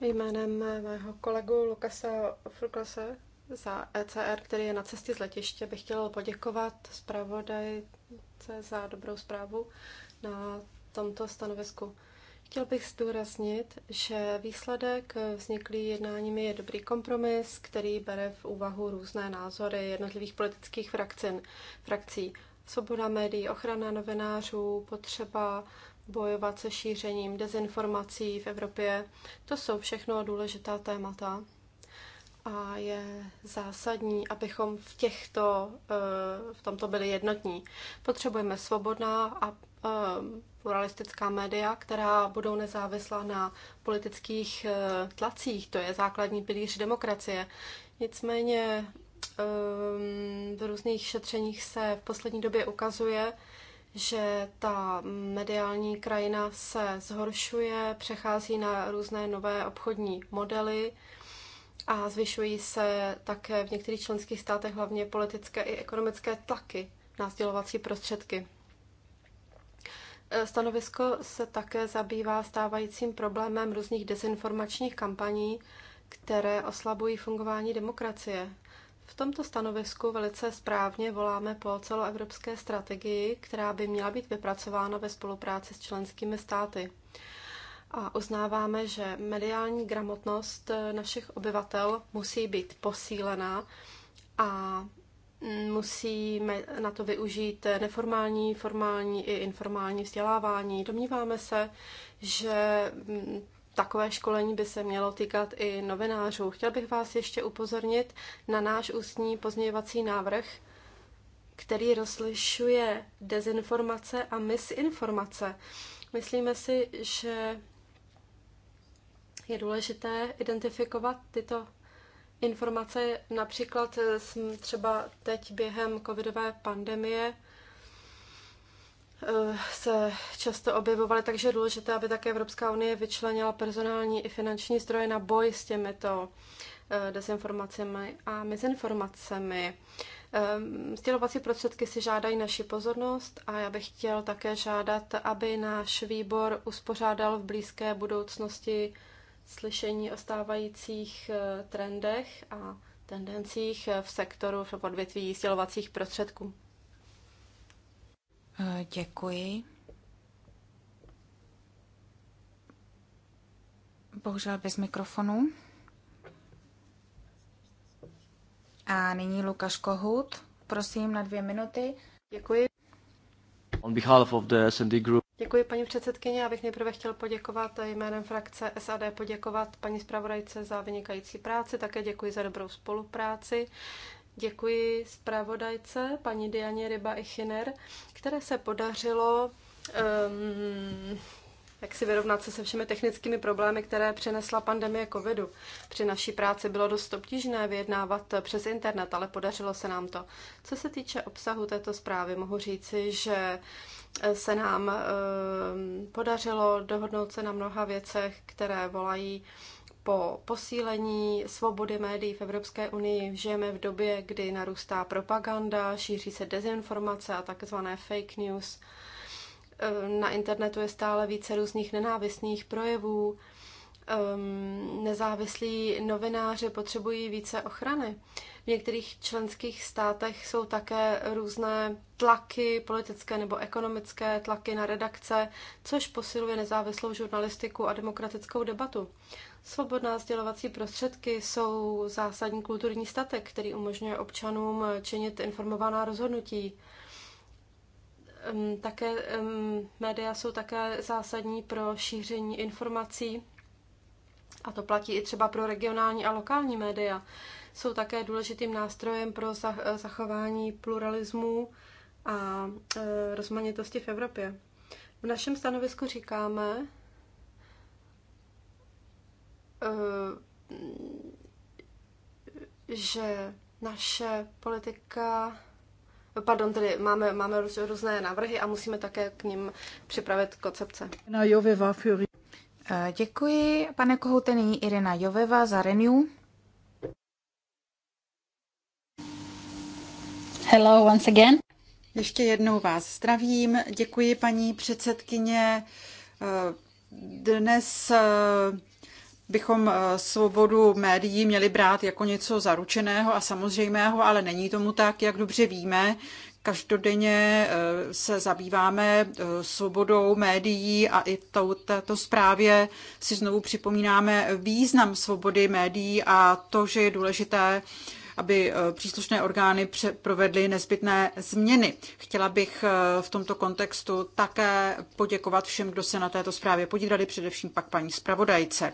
Jménem mého kolegu Lukase Fruklase za ECR, který je na cestě z letiště, bych chtěl poděkovat zpravodajce za dobrou zprávu na tomto stanovisku. Chtěl bych zdůraznit, že výsledek vzniklý jednáními je dobrý kompromis, který bere v úvahu různé názory jednotlivých politických frakcin, frakcí. Svoboda médií, ochrana novinářů, potřeba bojovat se šířením dezinformací v Evropě, to jsou všechno důležitá témata. A je zásadní, abychom v těchto, eh, v tomto byli jednotní. Potřebujeme svobodná a Um, pluralistická média, která budou nezávislá na politických eh, tlacích. To je základní pilíř demokracie. Nicméně eh, v různých šetřeních se v poslední době ukazuje, že ta mediální krajina se zhoršuje, přechází na různé nové obchodní modely a zvyšují se také v některých členských státech hlavně politické i ekonomické tlaky na sdělovací prostředky. Eh, stanovisko se také zabývá stávajícím problémem různých dezinformačních kampaní, které oslabují fungování demokracie. V tomto stanovisku velice správně voláme po celoevropské strategii, která by měla být vypracována ve spolupráci s členskými státy. A uznáváme, že mediální gramotnost eh, našich obyvatel musí být posílena a musíme na to využít neformální, formální i informální vzdělávání. Domníváme se, že mm, takové školení by se mělo týkat i novinářů. Chtěl bych vás ještě upozornit na náš ústní pozměňovací návrh, který rozlišuje dezinformace a misinformace. Myslíme si, že je důležité identifikovat tyto informace, například eh, třeba teď během covidové pandemie eh, se často objevovaly, takže je důležité, aby také Evropská unie vyčlenila personální i finanční zdroje na boj s těmito eh, dezinformacemi a mizinformacemi. Ehm, Stělovací prostředky si žádají naši pozornost a já bych chtěl také žádat, aby náš výbor uspořádal v blízké budoucnosti slyšení o stávajících eh, trendech a tendencích eh, v sektoru v odvětví sdělovacích prostředků. Eh, děkuji. Bohužel bez mikrofonu. A nyní Lukáš Kohut. Prosím na dvě minuty. Děkuji. Děkuji paní předsedkyně, abych nejprve chtěl poděkovat jménem frakce SAD poděkovat paní zpravodajce za vynikající práci, také děkuji za dobrou spolupráci. Děkuji zpravodajce, paní Dianě Ryba Ichiner, které se podařilo um, jak si vyrovnat se se všemi technickými problémy, které přinesla pandemie covidu. Při naší práci bylo dost obtížné vyjednávat přes internet, ale podařilo se nám to. Co se týče obsahu této zprávy, mohu říci, že se nám ehm, podařilo dohodnout se na mnoha věcech, které volají po posílení svobody médií v Evropské unii žijeme v době, kdy narůstá propaganda, šíří se dezinformace a takzvané fake news. Eh, na internetu je stále více různých nenávistných projevů. Nezávislí novináři potřebují více ochrany. V některých členských státech jsou také různé tlaky, politické nebo ekonomické tlaky na redakce, což posiluje nezávislou žurnalistiku a demokratickou debatu. Svobodná sdělovací prostředky jsou zásadní kulturní statek, který umožňuje občanům činit informovaná rozhodnutí také média jsou také zásadní pro šíření informací a to platí i třeba pro regionální a lokální média. Jsou také důležitým nástrojem pro eh, zachování pluralismu a eh, rozmanitosti v Evropě. V našem stanovisku říkáme, eh, že naše politika Pardon, tedy máme, máme různé návrhy a musíme také k ním připravit koncepce. Eh, děkuji, pane Kohoute, nyní Irina Joveva za Renew. Hello once again. Ještě jednou vás zdravím. Děkuji, paní předsedkyně. Eh, dnes eh, bychom eh, svobodu médií měli brát jako něco zaručeného a samozřejmého, ale není tomu tak, jak dobře víme. Každodenně eh, se zabýváme eh, svobodou médií a i tou, této zprávě si znovu připomínáme význam svobody médií a to, že je důležité aby eh, příslušné orgány provedly nezbytné změny. Chtěla bych eh, v tomto kontextu také poděkovat všem, kdo se na této zprávě podíleli, především pak paní zpravodajce.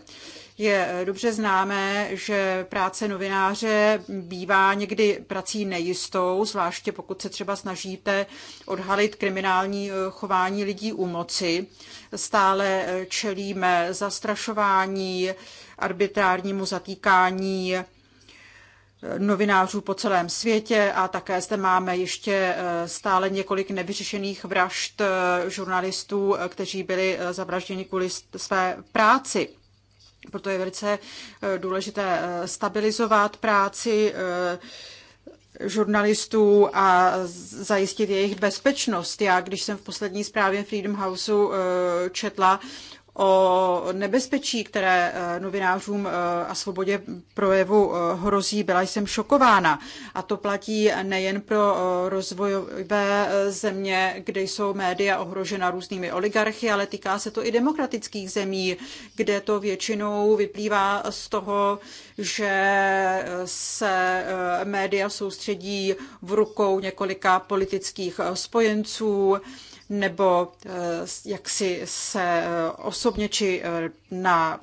Je eh, dobře známé, že práce novináře bývá někdy prací nejistou, zvláště pokud se třeba snažíte odhalit kriminální chování lidí u moci. Stále čelíme zastrašování, arbitrárnímu zatýkání novinářů po celém světě a také zde máme ještě eh, stále několik nevyřešených vražd eh, žurnalistů, eh, kteří byli zavražděni kvůli své práci. Proto je velice důležité stabilizovat práci žurnalistů a zajistit jejich bezpečnost. Já, když jsem v poslední zprávě Freedom Houseu četla o nebezpečí, které eh, novinářům eh, a svobodě projevu eh, hrozí, byla jsem šokována. A to platí nejen pro rozvojové země, kde jsou média ohrožena různými oligarchy, ale týká se to i demokratických zemí, kde to většinou vyplývá z toho, že se média soustředí v rukou několika politických spojenců, nebo eh, jak si se eh, osobně či eh, na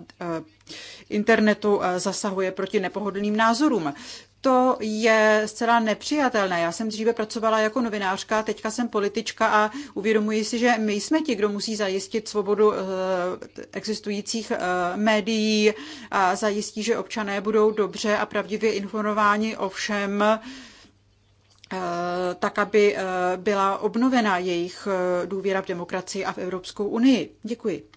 internetu zasahuje proti nepohodlným názorům. To je zcela nepřijatelné. Já jsem dříve pracovala jako novinářka, teďka jsem politička a uvědomuji si, že my jsme ti, kdo musí zajistit svobodu existujících médií a zajistí, že občané budou dobře a pravdivě informováni o všem, Eh, tak, aby eh, byla obnovena jejich eh, důvěra v demokracii a v Evropskou unii. Děkuji.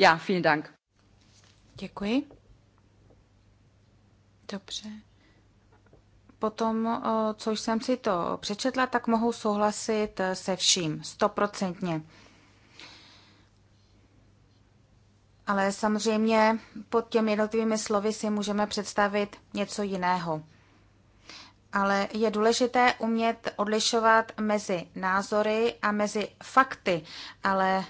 Já, vielen Dank. Děkuji. Dobře. Potom, eh, co jsem si to přečetla, tak mohu souhlasit eh, se vším, stoprocentně. Ale samozřejmě pod těmi jednotlivými slovy si můžeme představit něco jiného. Ale je důležité umět odlišovat mezi názory a mezi fakty, ale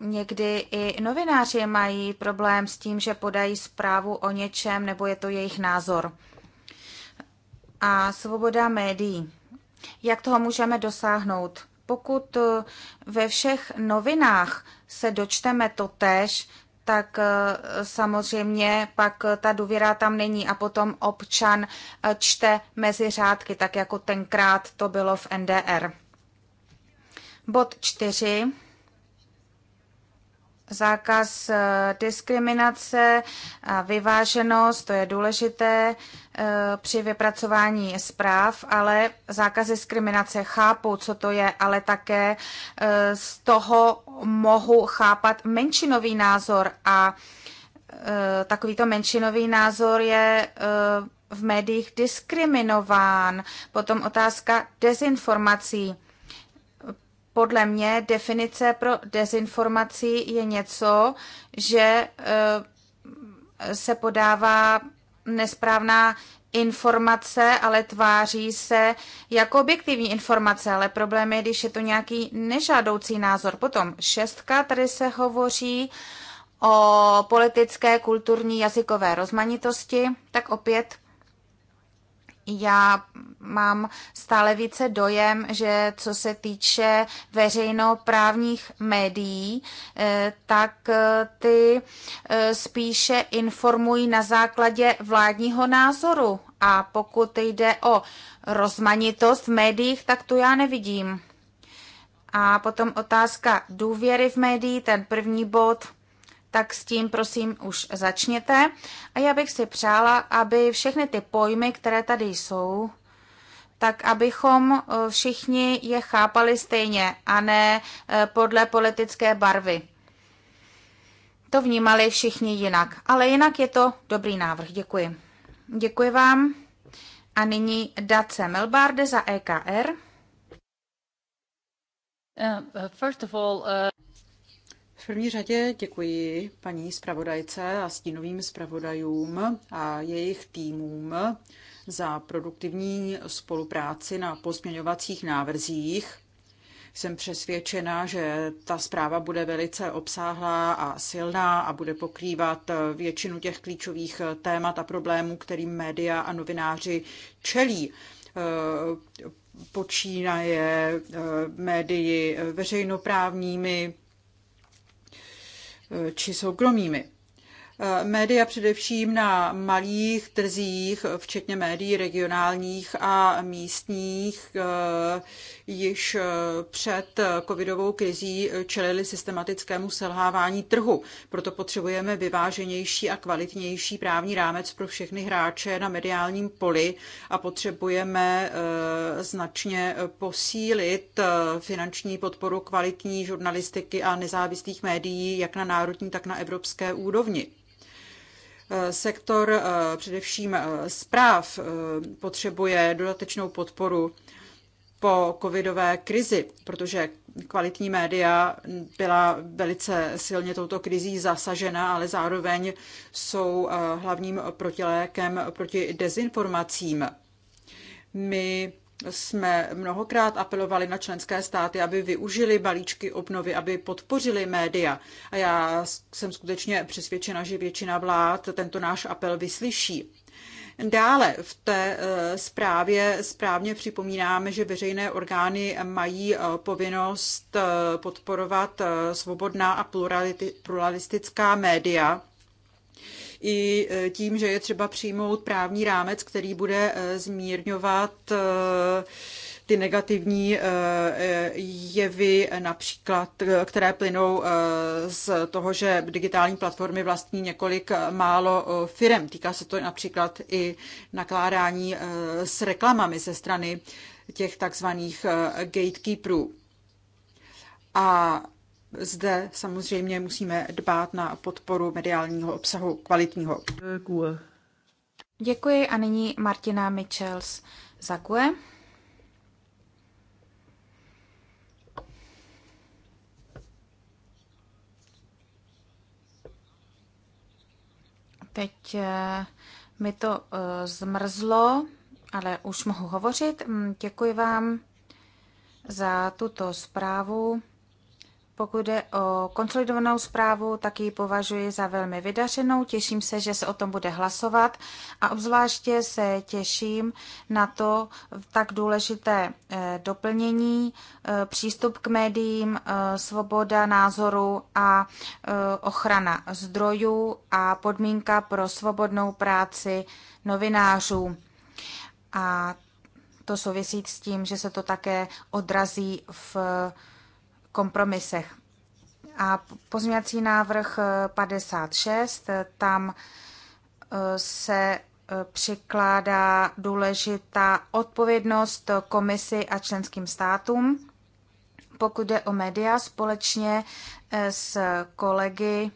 Někdy i novináři mají problém s tím, že podají zprávu o něčem nebo je to jejich názor a svoboda médií. Jak toho můžeme dosáhnout? Pokud eh, ve všech novinách se dočteme to tež, tak eh, samozřejmě pak eh, ta důvěra tam není a potom občan čte mezi řádky, tak jako tenkrát to bylo v NDR. Bod čtyři zákaz eh, diskriminace a vyváženost, to je důležité eh, při vypracování zpráv, ale zákaz diskriminace chápu, co to je, ale také eh, z toho mohu chápat menšinový názor a takovýto menšinový názor je v médiích diskriminován. Potom otázka dezinformací podle mě definice pro dezinformaci je něco, že eh, se podává nesprávná informace, ale tváří se jako objektivní informace, ale problém je, když je to nějaký nežádoucí názor. Potom šestka, tady se hovoří o politické, kulturní, jazykové rozmanitosti, tak opět já mám stále více dojem, že co se týče veřejnoprávních médií, eh, tak eh, ty eh, spíše informují na základě vládního názoru. A pokud jde o rozmanitost v médiích, tak tu já nevidím. A potom otázka důvěry v médií, ten první bod tak s tím prosím už začněte. A já bych si přála, aby všechny ty pojmy, které tady jsou, tak abychom e, všichni je chápali stejně a ne e, podle politické barvy. To vnímali všichni jinak, ale jinak je to dobrý návrh. Děkuji. Děkuji vám. A nyní Dace Melbarde za EKR. Uh, uh, first of all, uh první řadě děkuji paní zpravodajce a stínovým zpravodajům a jejich týmům za produktivní spolupráci na pozměňovacích návrzích. Jsem přesvědčena, že ta zpráva bude velice obsáhlá a silná a bude pokrývat většinu těch klíčových témat a problémů, kterým média a novináři čelí počínaje eh, médii veřejnoprávními, Eh, či soukromými. Eh, média především na malých trzích, včetně médií regionálních a místních, eh, již eh, před eh, covidovou krizí eh, čelili systematickému selhávání trhu. Proto potřebujeme vyváženější a kvalitnější právní rámec pro všechny hráče na mediálním poli a potřebujeme značně posílit finanční podporu kvalitní žurnalistiky a nezávislých médií jak na národní, tak na evropské úrovni sektor především zpráv potřebuje dodatečnou podporu po covidové krizi, protože kvalitní média byla velice silně touto krizí zasažena, ale zároveň jsou eh, hlavním protilékem proti dezinformacím. My jsme mnohokrát apelovali na členské státy, aby využili balíčky obnovy, aby podpořili média. A já jsem skutečně přesvědčena, že většina vlád tento náš apel vyslyší. Dále v té eh, zprávě správně připomínáme, že veřejné orgány mají eh, povinnost eh, podporovat svobodná a pluralistická média i tím, že je třeba přijmout právní rámec, který bude zmírňovat ty negativní eh, eh, jevy, eh, například, které plynou z toho, že digitální platformy vlastní několik málo firm. Týká se to například i nakládání s reklamami ze strany těch takzvaných gatekeeperů. A zde samozřejmě musíme dbát na podporu mediálního obsahu kvalitního. Děkuji a nyní Martina Michels za GUE. Teď eh, mi to eh, zmrzlo, ale už mohu hovořit. Mm, děkuji vám za tuto zprávu. Pokud jde o konsolidovanou zprávu, tak ji považuji za velmi vydařenou. Těším se, že se o tom bude hlasovat a obzvláště se těším na to tak důležité eh, doplnění, eh, přístup k médiím, eh, svoboda názoru a ochrana zdrojů a podmínka pro svobodnou práci novinářů. A to souvisí s tím, že se to také odrazí v kompromisech. A pozměňovací návrh 56, eh, eh, tam eh, se přikládá důležitá odpovědnost komisi a členským státům. Pokud jde o média, společně s kolegy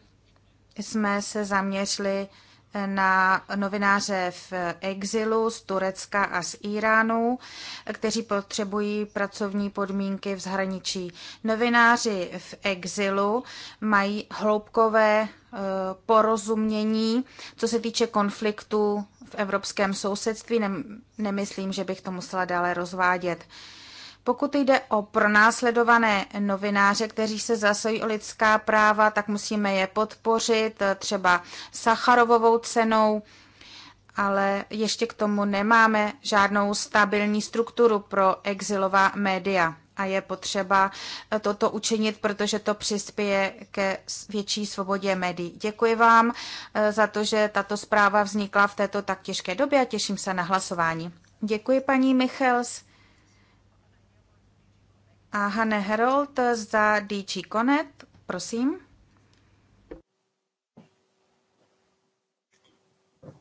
jsme se zaměřili na novináře v exilu z Turecka a z Iránu, kteří potřebují pracovní podmínky v zahraničí. Novináři v exilu mají hloubkové eh, porozumění, co se týče konfliktu v evropském sousedství. Nemyslím, že bych to musela dále rozvádět. Pokud jde o pronásledované novináře, kteří se zasejí o lidská práva, tak musíme je podpořit třeba Sacharovovou cenou, ale ještě k tomu nemáme žádnou stabilní strukturu pro exilová média. A je potřeba toto učinit, protože to přispěje ke větší svobodě médií. Děkuji vám eh, za to, že tato zpráva vznikla v této tak těžké době a těším se na hlasování. Děkuji paní Michels a Hanne Herold za DG Connect, prosím.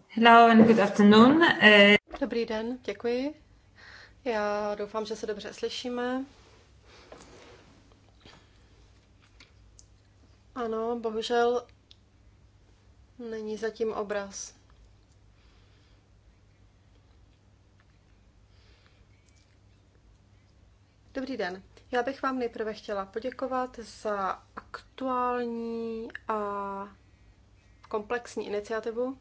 Hello and good afternoon. Eh, Dobrý den, děkuji. Já doufám, že se dobře slyšíme. Ano, bohužel není zatím obraz. Dobrý den. Já bych vám nejprve chtěla poděkovat za aktuální a komplexní iniciativu.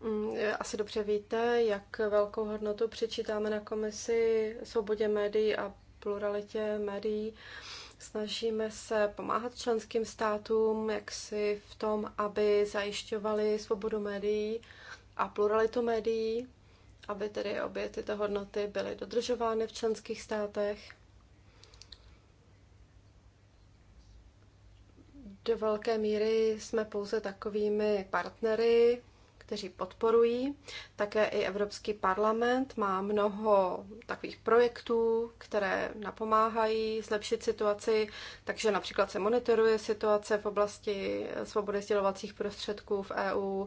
Mm, asi dobře víte, jak velkou hodnotu přičítáme na komisi svobodě médií a pluralitě médií. Snažíme se pomáhat členským státům, jak si v tom, aby zajišťovali svobodu médií a pluralitu médií aby tedy obě tyto hodnoty byly dodržovány v členských státech. Do velké míry jsme pouze takovými partnery, kteří podporují. Také i Evropský parlament má mnoho takových projektů, které napomáhají zlepšit situaci, takže například se monitoruje situace v oblasti svobody sdělovacích prostředků v EU,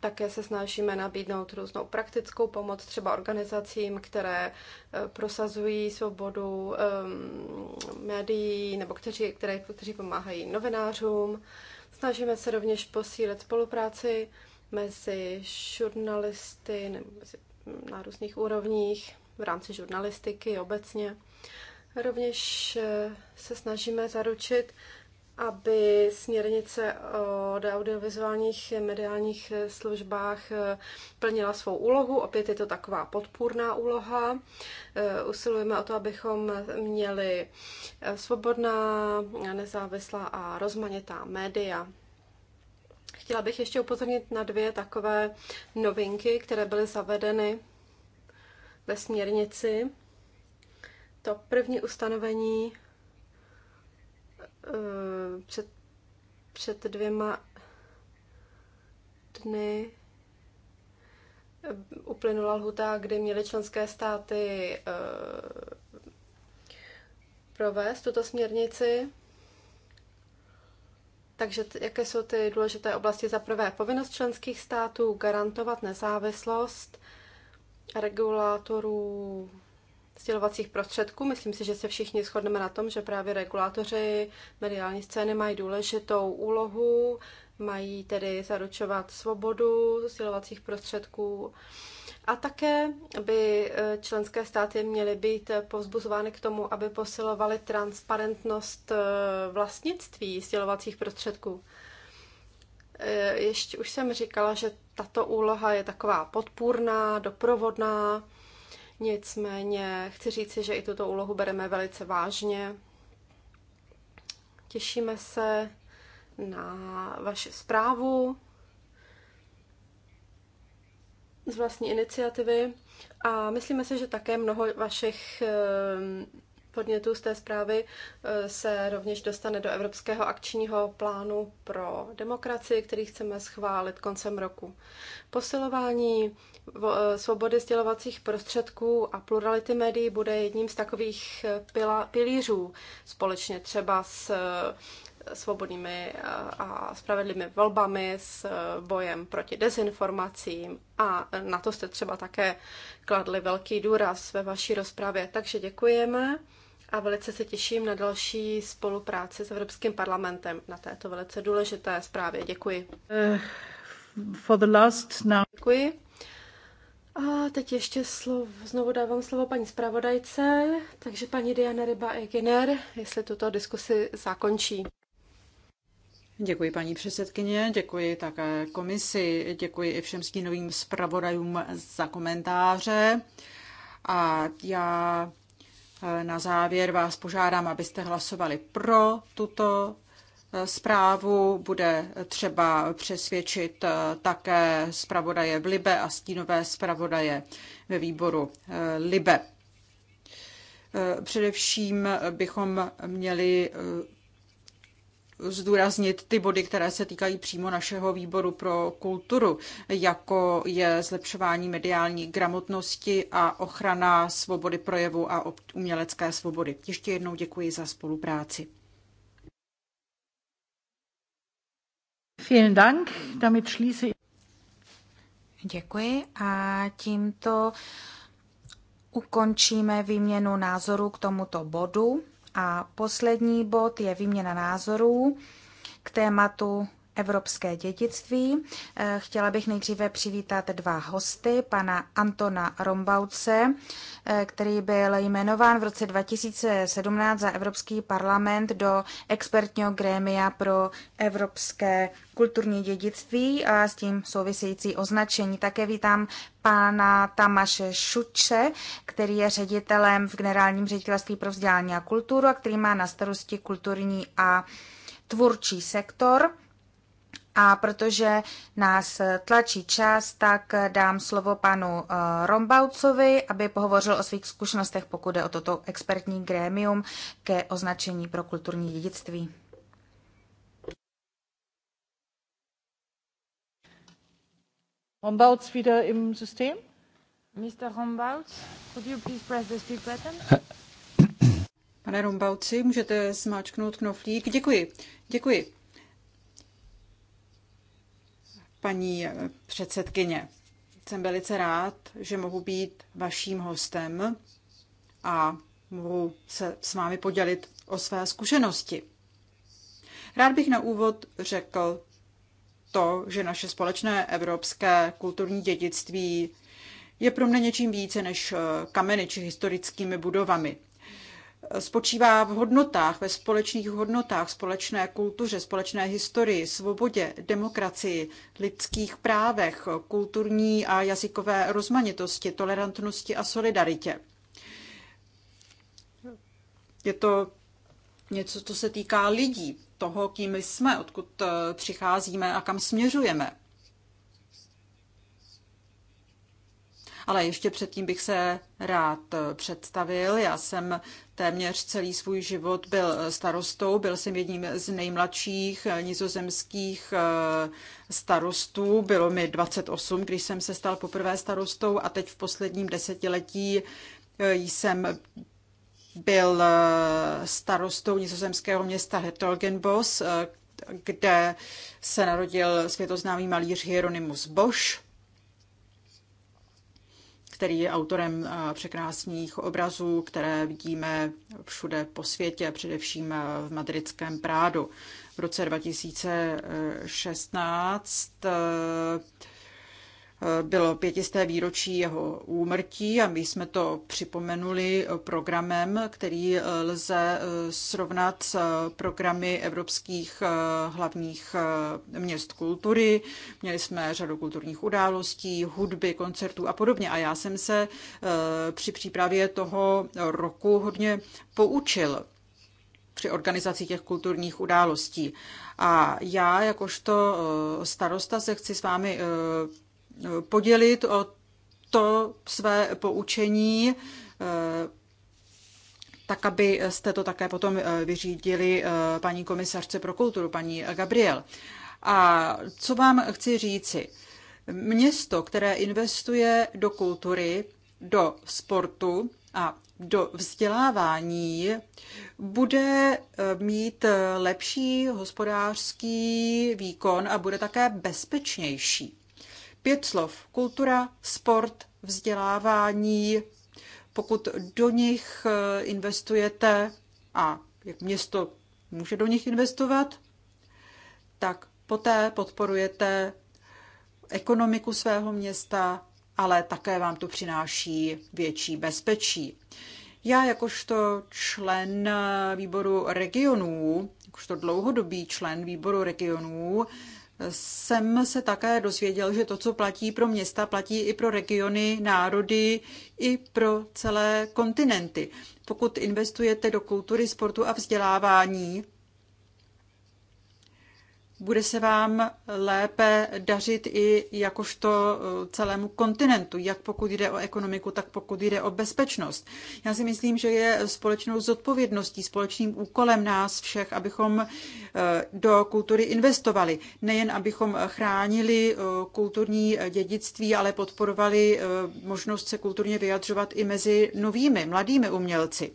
také se snažíme nabídnout různou praktickou pomoc třeba organizacím, které eh, prosazují svobodu um, médií nebo kteří, které, kteří pomáhají novinářům. Snažíme se rovněž posílit spolupráci mezi žurnalisty nebo mezi, hm, na různých úrovních v rámci žurnalistiky obecně. Rovněž eh, se snažíme zaručit, aby směrnice o audiovizuálních mediálních službách eh, plnila svou úlohu. Opět je to taková podpůrná úloha. Eh, usilujeme o to, abychom měli eh, svobodná, nezávislá a rozmanitá média. Chtěla bych ještě upozornit na dvě takové novinky, které byly zavedeny ve směrnici. To první ustanovení Eh, před, před dvěma dny uplynula lhuta, kdy měly členské státy eh, provést tuto směrnici. Takže jaké jsou ty důležité oblasti? Za prvé, povinnost členských států garantovat nezávislost regulatorů sdělovacích prostředků. Myslím si, že se všichni shodneme na tom, že právě regulátoři mediální scény mají důležitou úlohu, mají tedy zaručovat svobodu sdělovacích prostředků. A také by e, členské státy měly být povzbuzovány k tomu, aby posilovaly transparentnost e, vlastnictví sdělovacích prostředků. E, ještě už jsem říkala, že tato úloha je taková podpůrná, doprovodná, Nicméně chci říci, že i tuto úlohu bereme velice vážně. Těšíme se na vaši zprávu z vlastní iniciativy a myslíme si, že také mnoho vašich ehm, podnětů z té zprávy eh, se rovněž dostane do Evropského akčního plánu pro demokracii, který chceme schválit koncem roku. Posilování eh, svobody sdělovacích prostředků a plurality médií bude jedním z takových eh, pila, pilířů společně třeba s svobodnými a spravedlivými volbami, s bojem proti dezinformacím a na to jste třeba také kladli velký důraz ve vaší rozpravě. Takže děkujeme a velice se těším na další spolupráci s Evropským parlamentem na této velice důležité zprávě. Děkuji. Uh, for the last now. Děkuji. A teď ještě slov, znovu dávám slovo paní zpravodajce, takže paní Diana Ryba Eginer, jestli tuto diskusi zakončí. Děkuji paní předsedkyně, děkuji také komisi, děkuji i všem stínovým zpravodajům za komentáře. A já Eh, na závěr vás požádám, abyste hlasovali pro tuto eh, zprávu. Bude třeba přesvědčit eh, také zpravodaje v Libe a stínové zpravodaje ve výboru Libe. Především bychom měli zdůraznit ty body, které se týkají přímo našeho výboru pro kulturu, jako je zlepšování mediální gramotnosti a ochrana svobody projevu a umělecké svobody. Ještě jednou děkuji za spolupráci. Vielen Dank. Damit schließe ich. Děkuji a tímto ukončíme výměnu názoru k tomuto bodu. A poslední bod je výměna názorů k tématu evropské dědictví. Eh, chtěla bych nejdříve přivítat dva hosty, pana Antona Rombauce, eh, který byl jmenován v roce 2017 za Evropský parlament do expertního grémia pro evropské kulturní dědictví a s tím související označení. Také vítám pana Tamaše Šuče, který je ředitelem v generálním ředitelství pro vzdělání a kulturu a který má na starosti kulturní a tvůrčí sektor. A protože nás eh, tlačí čas, tak eh, dám slovo panu eh, Rombaucovi, aby pohovořil o svých zkušenostech, pokud je o toto expertní grémium ke označení pro kulturní dědictví. Rombauts wieder im System? Mr. Rombauts, could you please press the speak button? Pane Rombauci, můžete smáčknout knoflík. Děkuji, děkuji paní předsedkyně. Jsem velice rád, že mohu být vaším hostem a mohu se s vámi podělit o své zkušenosti. Rád bych na úvod řekl to, že naše společné evropské kulturní dědictví je pro mě něčím více než kameny či historickými budovami spočívá v hodnotách, ve společných hodnotách, společné kultuře, společné historii, svobodě, demokracii, lidských právech, kulturní a jazykové rozmanitosti, tolerantnosti a solidaritě. Je to něco, co se týká lidí, toho, kým jsme, odkud eh, přicházíme a kam směřujeme. ale ještě předtím bych se rád eh, představil. Já jsem téměř celý svůj život byl eh, starostou, byl jsem jedním z nejmladších eh, nizozemských starostů. Bylo mi 28, když jsem se stal poprvé starostou a teď v posledním desetiletí jsem byl starostou nizozemského města Hetelgenbos, kde se narodil světoznámý malíř Hieronymus Bosch který je autorem eh, překrásných obrazů, které vidíme všude po světě, především eh, v madridském Prádu. V roce 2016 bylo pětisté výročí jeho úmrtí a my jsme to připomenuli programem, který lze eh, srovnat s programy evropských eh, hlavních eh, měst kultury. Měli jsme řadu kulturních událostí, hudby, koncertů a podobně. A já jsem se při přípravě toho roku hodně poučil při organizaci těch kulturních událostí. A já jakožto starosta se chci s vámi podělit o to své poučení, eh, tak aby jste to také potom eh, vyřídili eh, paní komisařce pro kulturu, paní Gabriel. A co vám chci říci? Město, které investuje do kultury, do sportu a do vzdělávání, bude mít lepší hospodářský výkon a bude také bezpečnější. Pět slov. Kultura, sport, vzdělávání. Pokud do nich eh, investujete a jak město může do nich investovat, tak poté podporujete ekonomiku svého města, ale také vám to přináší větší bezpečí. Já jakožto člen eh, výboru regionů, jakožto dlouhodobý člen výboru regionů, jsem se také dozvěděl, že to, co platí pro města, platí i pro regiony, národy, i pro celé kontinenty. Pokud investujete do kultury, sportu a vzdělávání, bude se vám lépe dařit i jakožto eh, celému kontinentu, jak pokud jde o ekonomiku, tak pokud jde o bezpečnost. Já si myslím, že je společnou zodpovědností, společným úkolem nás všech, abychom eh, do kultury investovali. Nejen abychom chránili eh, kulturní dědictví, ale podporovali možnost se kulturně vyjadřovat i mezi novými, mladými umělci.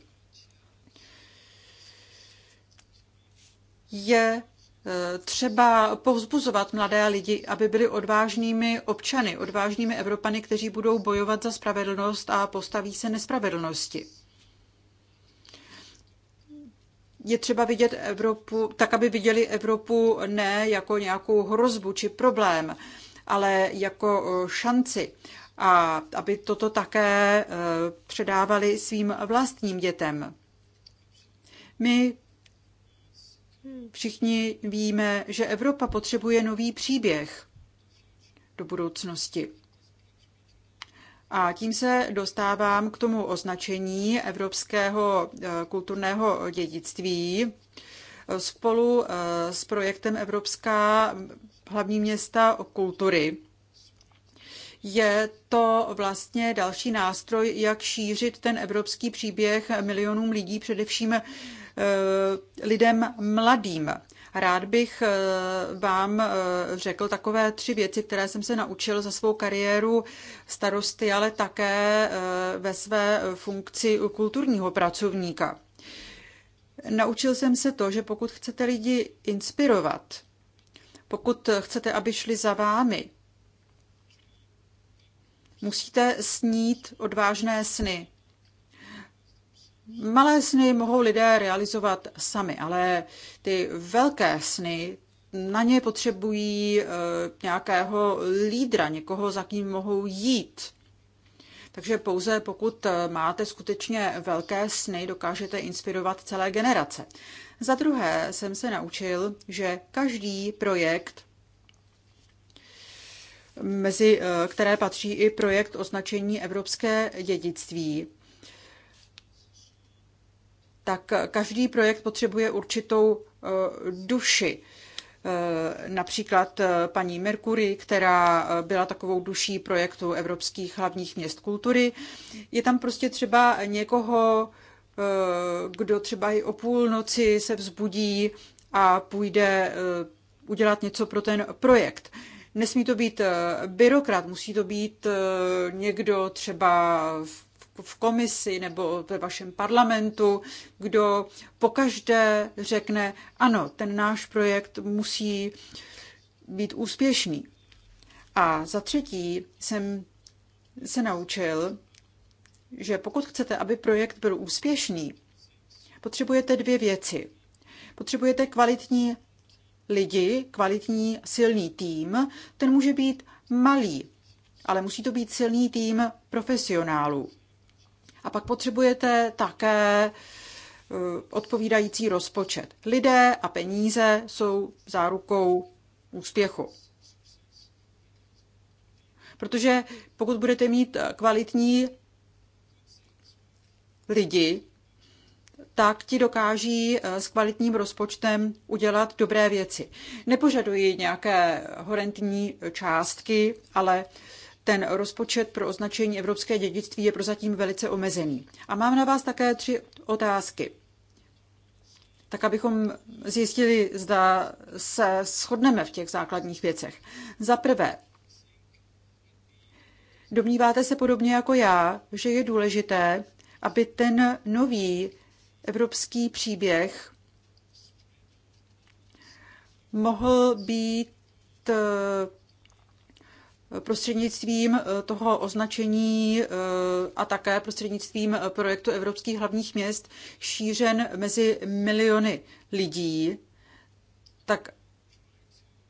Je třeba povzbuzovat mladé lidi, aby byli odvážnými občany, odvážnými Evropany, kteří budou bojovat za spravedlnost a postaví se nespravedlnosti. Je třeba vidět Evropu, tak aby viděli Evropu ne jako nějakou hrozbu či problém, ale jako eh, šanci a aby toto také eh, předávali svým vlastním dětem. My Všichni víme, že Evropa potřebuje nový příběh do budoucnosti. A tím se dostávám k tomu označení evropského eh, kulturného dědictví. Spolu eh, s projektem Evropská hm, hlavní města kultury je to vlastně další nástroj, jak šířit ten evropský příběh milionům lidí, především Eh, lidem mladým. Rád bych eh, vám eh, řekl takové tři věci, které jsem se naučil za svou kariéru starosty, ale také ve své funkci kulturního pracovníka. Naučil jsem se to, že pokud chcete lidi inspirovat, pokud chcete, aby šli za vámi, musíte snít odvážné sny, malé sny mohou lidé realizovat sami, ale ty velké sny, na ně potřebují eh, nějakého lídra, někoho, za kým mohou jít. Takže pouze pokud eh, máte skutečně velké sny, dokážete inspirovat celé generace. Za druhé jsem se naučil, že každý projekt, mezi eh, které patří i projekt označení Evropské dědictví, tak každý projekt potřebuje určitou eh, duši. Eh, například eh, paní Merkury, která byla takovou duší projektu Evropských hlavních měst kultury. Je tam prostě třeba někoho, kdo třeba i o půlnoci se vzbudí a půjde udělat něco pro ten projekt. Nesmí to být byrokrat, musí to být někdo třeba v v komisi nebo ve vašem parlamentu, kdo pokaždé řekne, ano, ten náš projekt musí být úspěšný. A za třetí jsem se naučil, že pokud chcete, aby projekt byl úspěšný, potřebujete dvě věci. Potřebujete kvalitní lidi, kvalitní silný tým. Ten může být malý, ale musí to být silný tým profesionálů. A pak potřebujete také eh, odpovídající rozpočet. Lidé a peníze jsou zárukou úspěchu. Protože pokud budete mít eh, kvalitní lidi, tak ti dokáží eh, s kvalitním rozpočtem udělat dobré věci. Nepožaduji nějaké horentní částky, ale ten rozpočet pro označení evropské dědictví je prozatím velice omezený. A mám na vás také tři otázky. Tak abychom zjistili, zda se shodneme v těch základních věcech. Za prvé, domníváte se podobně jako já, že je důležité, aby ten nový evropský příběh mohl být eh, prostřednictvím eh, toho označení eh, a také prostřednictvím eh, projektu Evropských hlavních měst šířen mezi miliony lidí, tak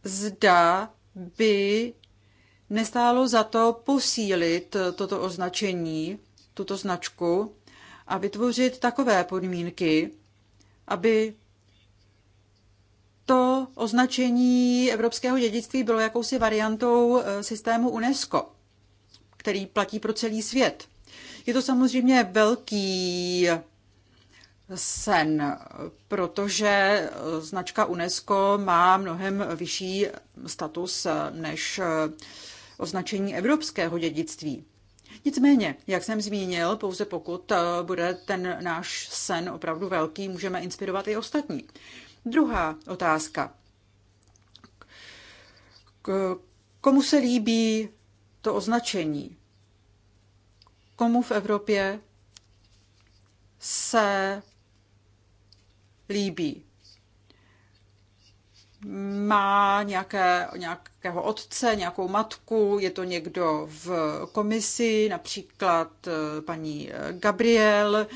zda by nestálo za to posílit toto označení, tuto značku a vytvořit takové podmínky, aby to označení evropského dědictví bylo jakousi variantou eh, systému UNESCO, který platí pro celý svět. Je to samozřejmě velký sen, protože eh, značka UNESCO má mnohem vyšší status eh, než označení evropského dědictví. Nicméně, jak jsem zmínil, pouze pokud bude ten náš sen opravdu velký, můžeme inspirovat i ostatní. Druhá otázka. K komu se líbí to označení? Komu v Evropě se líbí? má nějaké, nějakého otce, nějakou matku, je to někdo v komisi, například eh, paní eh, Gabriel,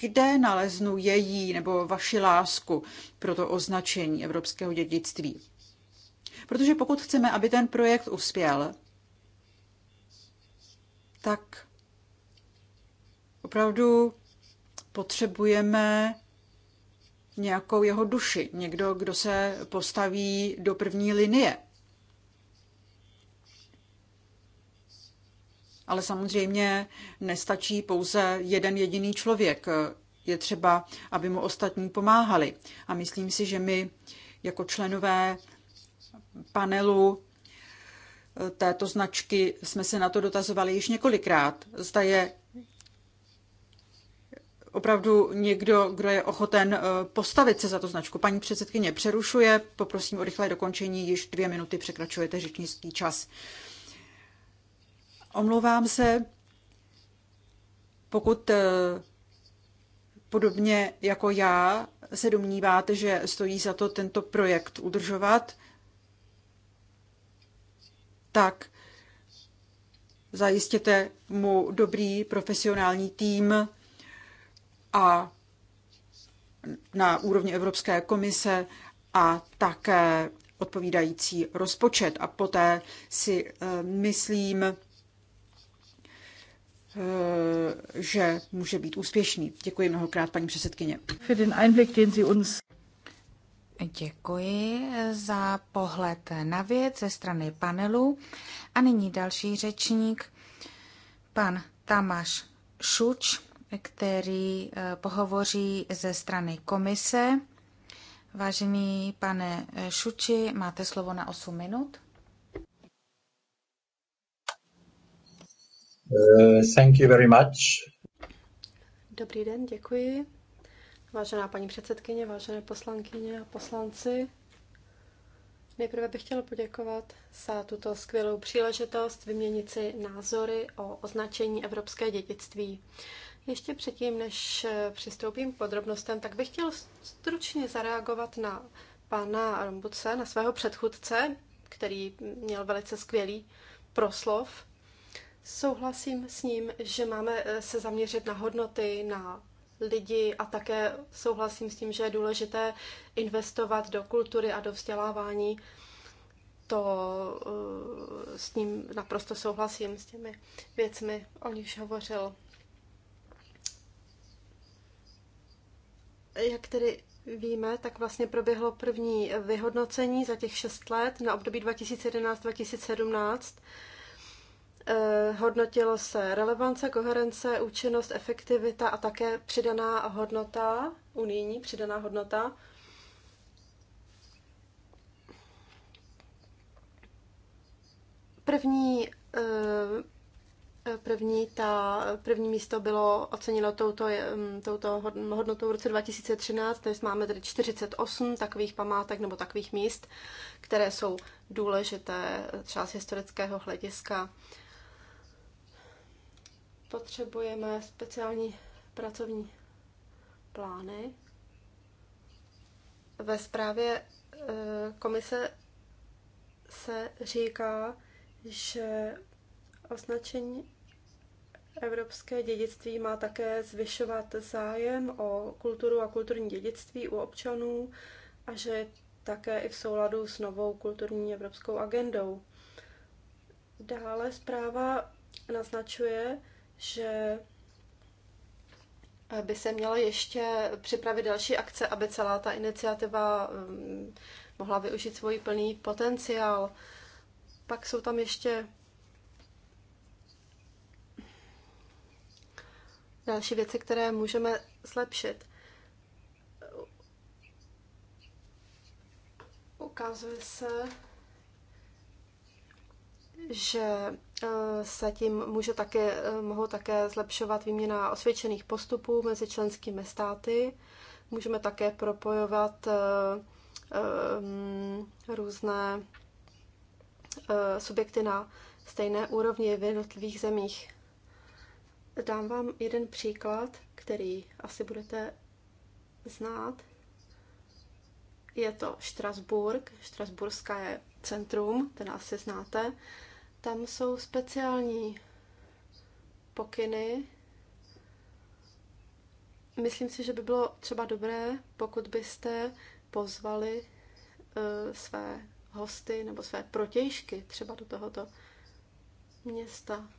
kde naleznu její nebo vaši lásku pro to označení evropského dědictví. Protože pokud chceme, aby ten projekt uspěl, tak opravdu potřebujeme nějakou jeho duši, někdo, kdo se postaví do první linie. Ale samozřejmě nestačí pouze jeden jediný člověk. Je třeba, aby mu ostatní pomáhali. A myslím si, že my jako členové panelu eh, této značky jsme se na to dotazovali již několikrát. Zda je opravdu někdo, kdo je ochoten eh, postavit se za to značku. Paní předsedkyně přerušuje, poprosím o rychlé dokončení, již dvě minuty překračujete řečnický čas. Omlouvám se, pokud eh, podobně jako já se domníváte, že stojí za to tento projekt udržovat, tak zajistěte mu dobrý profesionální tým a na úrovni Evropské komise a také odpovídající rozpočet. A poté si eh, myslím, Eh, že může být úspěšný. Děkuji mnohokrát, paní předsedkyně. Děkuji za pohled na věc ze strany panelu. A nyní další řečník, pan Tamáš Šuč, který eh, pohovoří ze strany komise. Vážený pane Šuči, máte slovo na 8 minut. Eh, thank you very much. Dobrý den, děkuji. Vážená paní předsedkyně, vážené poslankyně a poslanci, nejprve bych chtěla poděkovat za tuto skvělou příležitost vyměnit si názory o označení evropské dědictví. Ještě předtím, než přistoupím k podrobnostem, tak bych chtěl stručně zareagovat na pana Rombuce, na svého předchůdce, který měl velice skvělý proslov Souhlasím s ním, že máme eh, se zaměřit na hodnoty, na lidi a také souhlasím s tím, že je důležité investovat do kultury a do vzdělávání. To eh, s ním naprosto souhlasím, s těmi věcmi, o nichž hovořil. Jak tedy víme, tak vlastně proběhlo první vyhodnocení za těch šest let na období 2011-2017 Eh, hodnotilo se relevance, koherence, účinnost, efektivita a také přidaná hodnota, unijní přidaná hodnota. První, eh, první, ta, první místo bylo oceněno touto, hm, touto hodnotou v roce 2013, dnes máme tedy 48 takových památek nebo takových míst, které jsou důležité eh, třeba z historického hlediska potřebujeme speciální pracovní plány. Ve zprávě e, komise se říká, že označení evropské dědictví má také zvyšovat zájem o kulturu a kulturní dědictví u občanů a že také i v souladu s novou kulturní evropskou agendou. Dále zpráva naznačuje, že by se mělo ještě připravit další akce, aby celá ta iniciativa um, mohla využít svůj plný potenciál. Pak jsou tam ještě další věci, které můžeme zlepšit. Ukazuje se, že eh, se tím může také, eh, mohou také zlepšovat výměna osvědčených postupů mezi členskými státy. Můžeme také propojovat eh, různé subjekty na stejné úrovni v jednotlivých zemích. Dám vám jeden příklad, který asi budete znát. Je to Štrasburg. Štrasburská je centrum, ten asi znáte. Tam jsou speciální pokyny. Myslím si, že by bylo třeba dobré, pokud byste pozvali uh, své hosty nebo své protějšky třeba do tohoto města.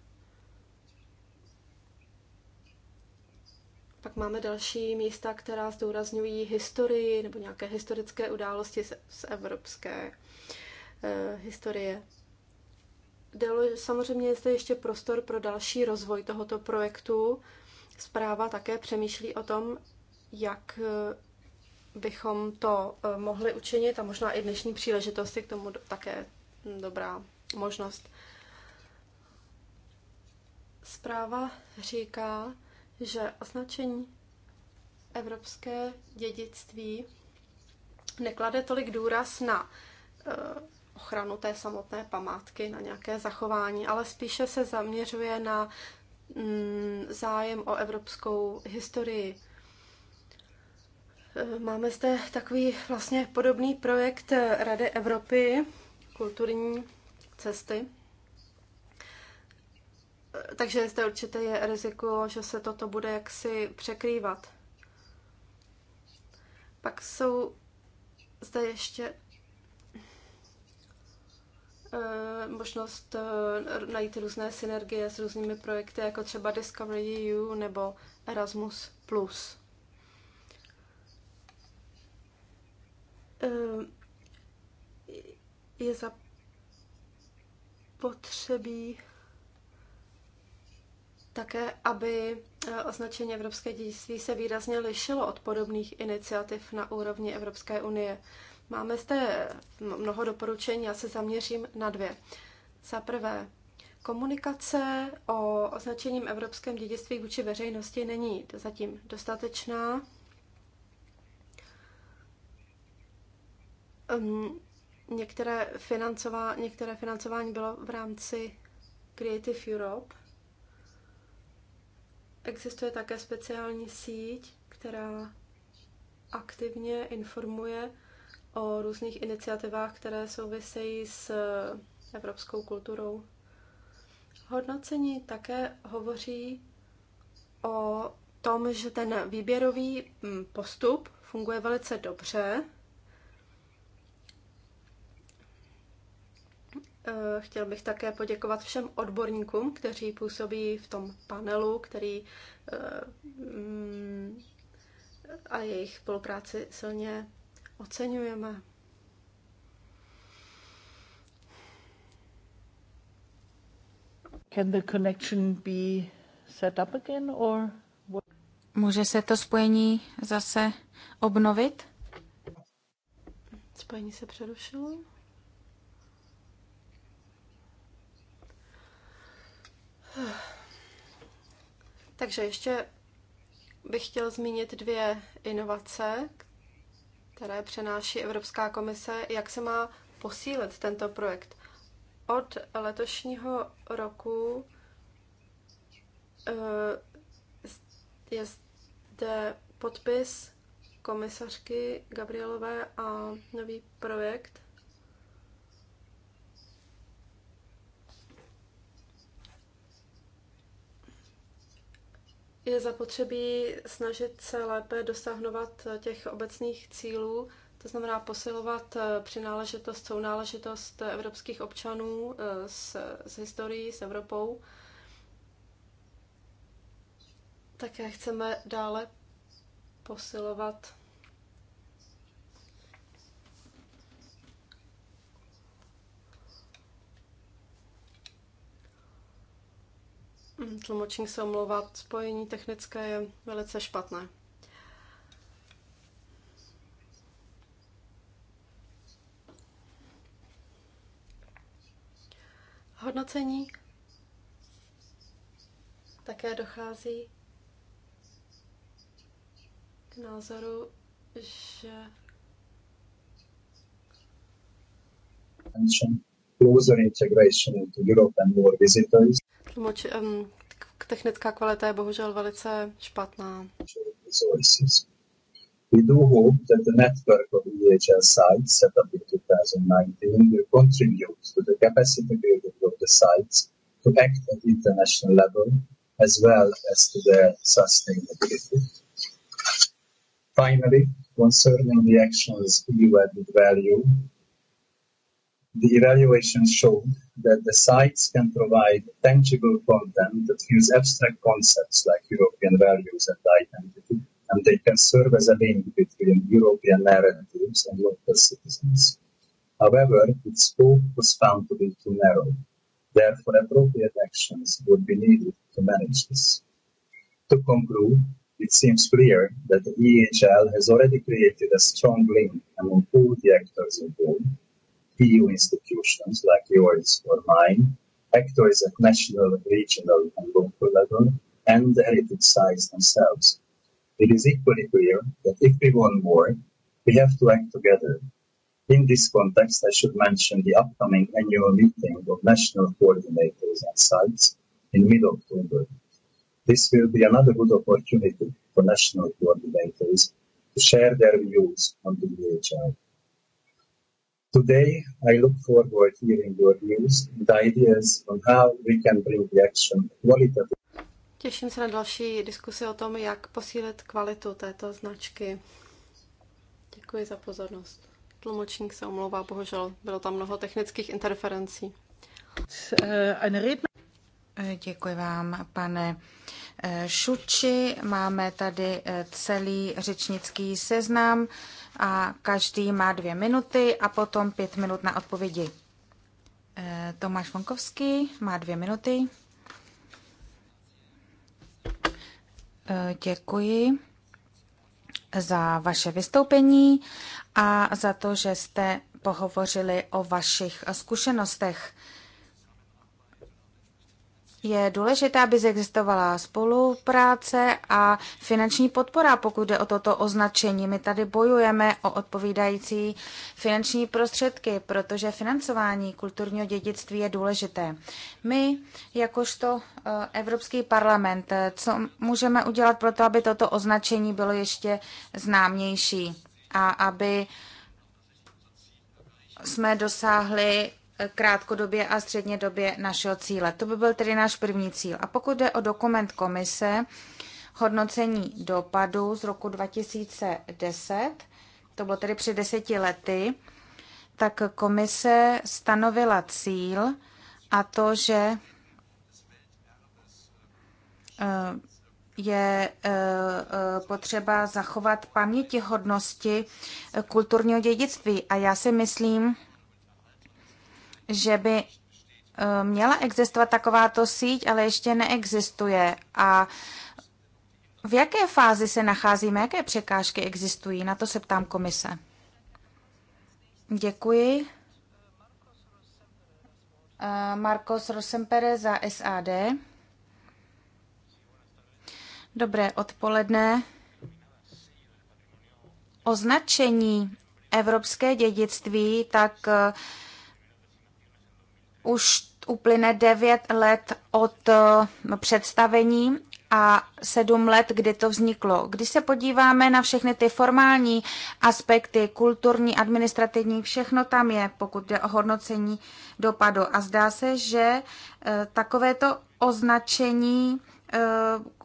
Pak máme další místa, která zdůrazňují historii nebo nějaké historické události z, z evropské uh, historie. Samozřejmě je zde ještě prostor pro další rozvoj tohoto projektu. Zpráva také přemýšlí o tom, jak eh, bychom to eh, mohli učinit a možná i dnešní příležitost je k tomu také dobrá možnost. Zpráva říká, že označení evropské dědictví neklade tolik důraz na eh, ochranu té samotné památky, na nějaké zachování, ale spíše se zaměřuje na mm, zájem o evropskou historii. E, máme zde takový vlastně podobný projekt Rady Evropy, kulturní cesty. E, takže zde určitě je riziko, že se toto bude jaksi překrývat. Pak jsou zde ještě Eh, možnost eh, najít různé synergie s různými projekty, jako třeba Discovery EU nebo Erasmus+. Eh, je zapotřebí také, aby označení Evropské dědictví se výrazně lišilo od podobných iniciativ na úrovni Evropské unie. Máme zde mnoho doporučení, já se zaměřím na dvě. Za prvé, komunikace o označením evropském dědictví vůči veřejnosti není zatím dostatečná. Um, některé, financová, některé financování bylo v rámci Creative Europe. Existuje také speciální síť, která aktivně informuje o různých iniciativách, které souvisejí s eh, evropskou kulturou. Hodnocení také hovoří o tom, že ten výběrový hm, postup funguje velice dobře. Eh, chtěl bych také poděkovat všem odborníkům, kteří působí v tom panelu, který eh, hm, a jejich spolupráci silně oceňujeme. Can the connection be set up again or what? Může se to spojení zase obnovit? Spojení se přerušilo. Takže ještě bych chtěl zmínit dvě inovace, které přenáší Evropská komise, jak se má posílit tento projekt. Od letošního roku eh, je zde podpis komisařky Gabrielové a nový projekt je zapotřebí snažit se lépe dosáhnovat těch obecných cílů, to znamená posilovat eh, přináležitost, sounáležitost evropských občanů eh, s, s historií, s Evropou. Také chceme dále posilovat Tlumočník se omlouvá, spojení technické je velice špatné. Hodnocení také dochází k názoru, že closer integration into European war visitors tlumoč, um, technická kvalita je bohužel velice špatná. We do hope that the network of EHS sites set up in 2019 will contribute to the capacity building of the sites to act at international level as well as to their sustainability. Finally, concerning the actions EU added value, The evaluations showed that the sites can provide tangible content that fuse abstract concepts like European values and identity, and they can serve as a link between European narratives and local citizens. However, its scope was found to be too narrow. Therefore, appropriate actions would be needed to manage this. To conclude, it seems clear that the EHL has already created a strong link among all the actors involved EU institutions like yours or mine, actors at national, regional and local level, and the heritage sites themselves. It is equally clear that if we want more, we have to act together. In this context, I should mention the upcoming annual meeting of national coordinators and sites in mid-October. This will be another good opportunity for national coordinators to share their views on the DHI. Today, I look forward to hearing your views and ideas on how we can bring the action qualitative. Těším se na další diskusi o tom, jak posílit kvalitu této značky. Děkuji za pozornost. Tlumočník se omlouvá, bohužel bylo tam mnoho technických interferencí. Děkuji vám, pane eh, Šuči. Máme tady eh, celý řečnický seznam a každý má dvě minuty a potom pět minut na odpovědi. Eh, Tomáš Vonkovský má dvě minuty. Eh, děkuji za vaše vystoupení a za to, že jste pohovořili o vašich zkušenostech je důležité, aby existovala spolupráce a finanční podpora, pokud jde o toto označení. My tady bojujeme o odpovídající finanční prostředky, protože financování kulturního dědictví je důležité. My, jakožto eh, Evropský parlament, eh, co můžeme udělat pro to, aby toto označení bylo ještě známější a aby jsme dosáhli krátkodobě a střednědobě našeho cíle. To by byl tedy náš první cíl. A pokud jde o dokument komise, hodnocení dopadu z roku 2010, to bylo tedy před deseti lety, tak komise stanovila cíl a to, že eh, je eh, potřeba zachovat pamětihodnosti kulturního dědictví. A já si myslím, že by eh, měla existovat takováto síť, ale ještě neexistuje. A v jaké fázi se nacházíme, jaké překážky existují? Na to se ptám komise. Děkuji. Eh, Marcos Rosempere za SAD. Dobré odpoledne. Označení evropské dědictví, tak uh, už uplyne 9 let od eh, představení a sedm let, kdy to vzniklo. Když se podíváme na všechny ty formální aspekty, kulturní, administrativní, všechno tam je, pokud jde o hodnocení dopadu. A zdá se, že eh, takovéto označení eh,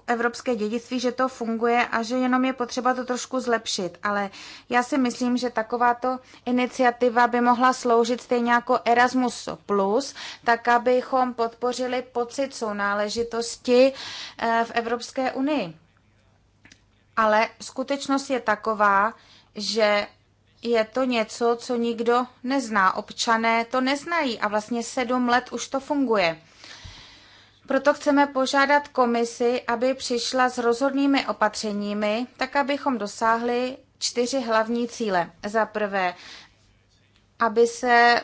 evropské dědictví, že to funguje a že jenom je potřeba to trošku zlepšit. Ale já si myslím, že takováto iniciativa by mohla sloužit stejně jako Erasmus+, plus, tak abychom podpořili pocit sounáležitosti eh, v Evropské unii. Ale skutečnost je taková, že je to něco, co nikdo nezná. Občané to neznají a vlastně sedm let už to funguje. Proto chceme požádat komisi, aby přišla s rozhodnými opatřeními, tak abychom dosáhli čtyři hlavní cíle. Za prvé, aby se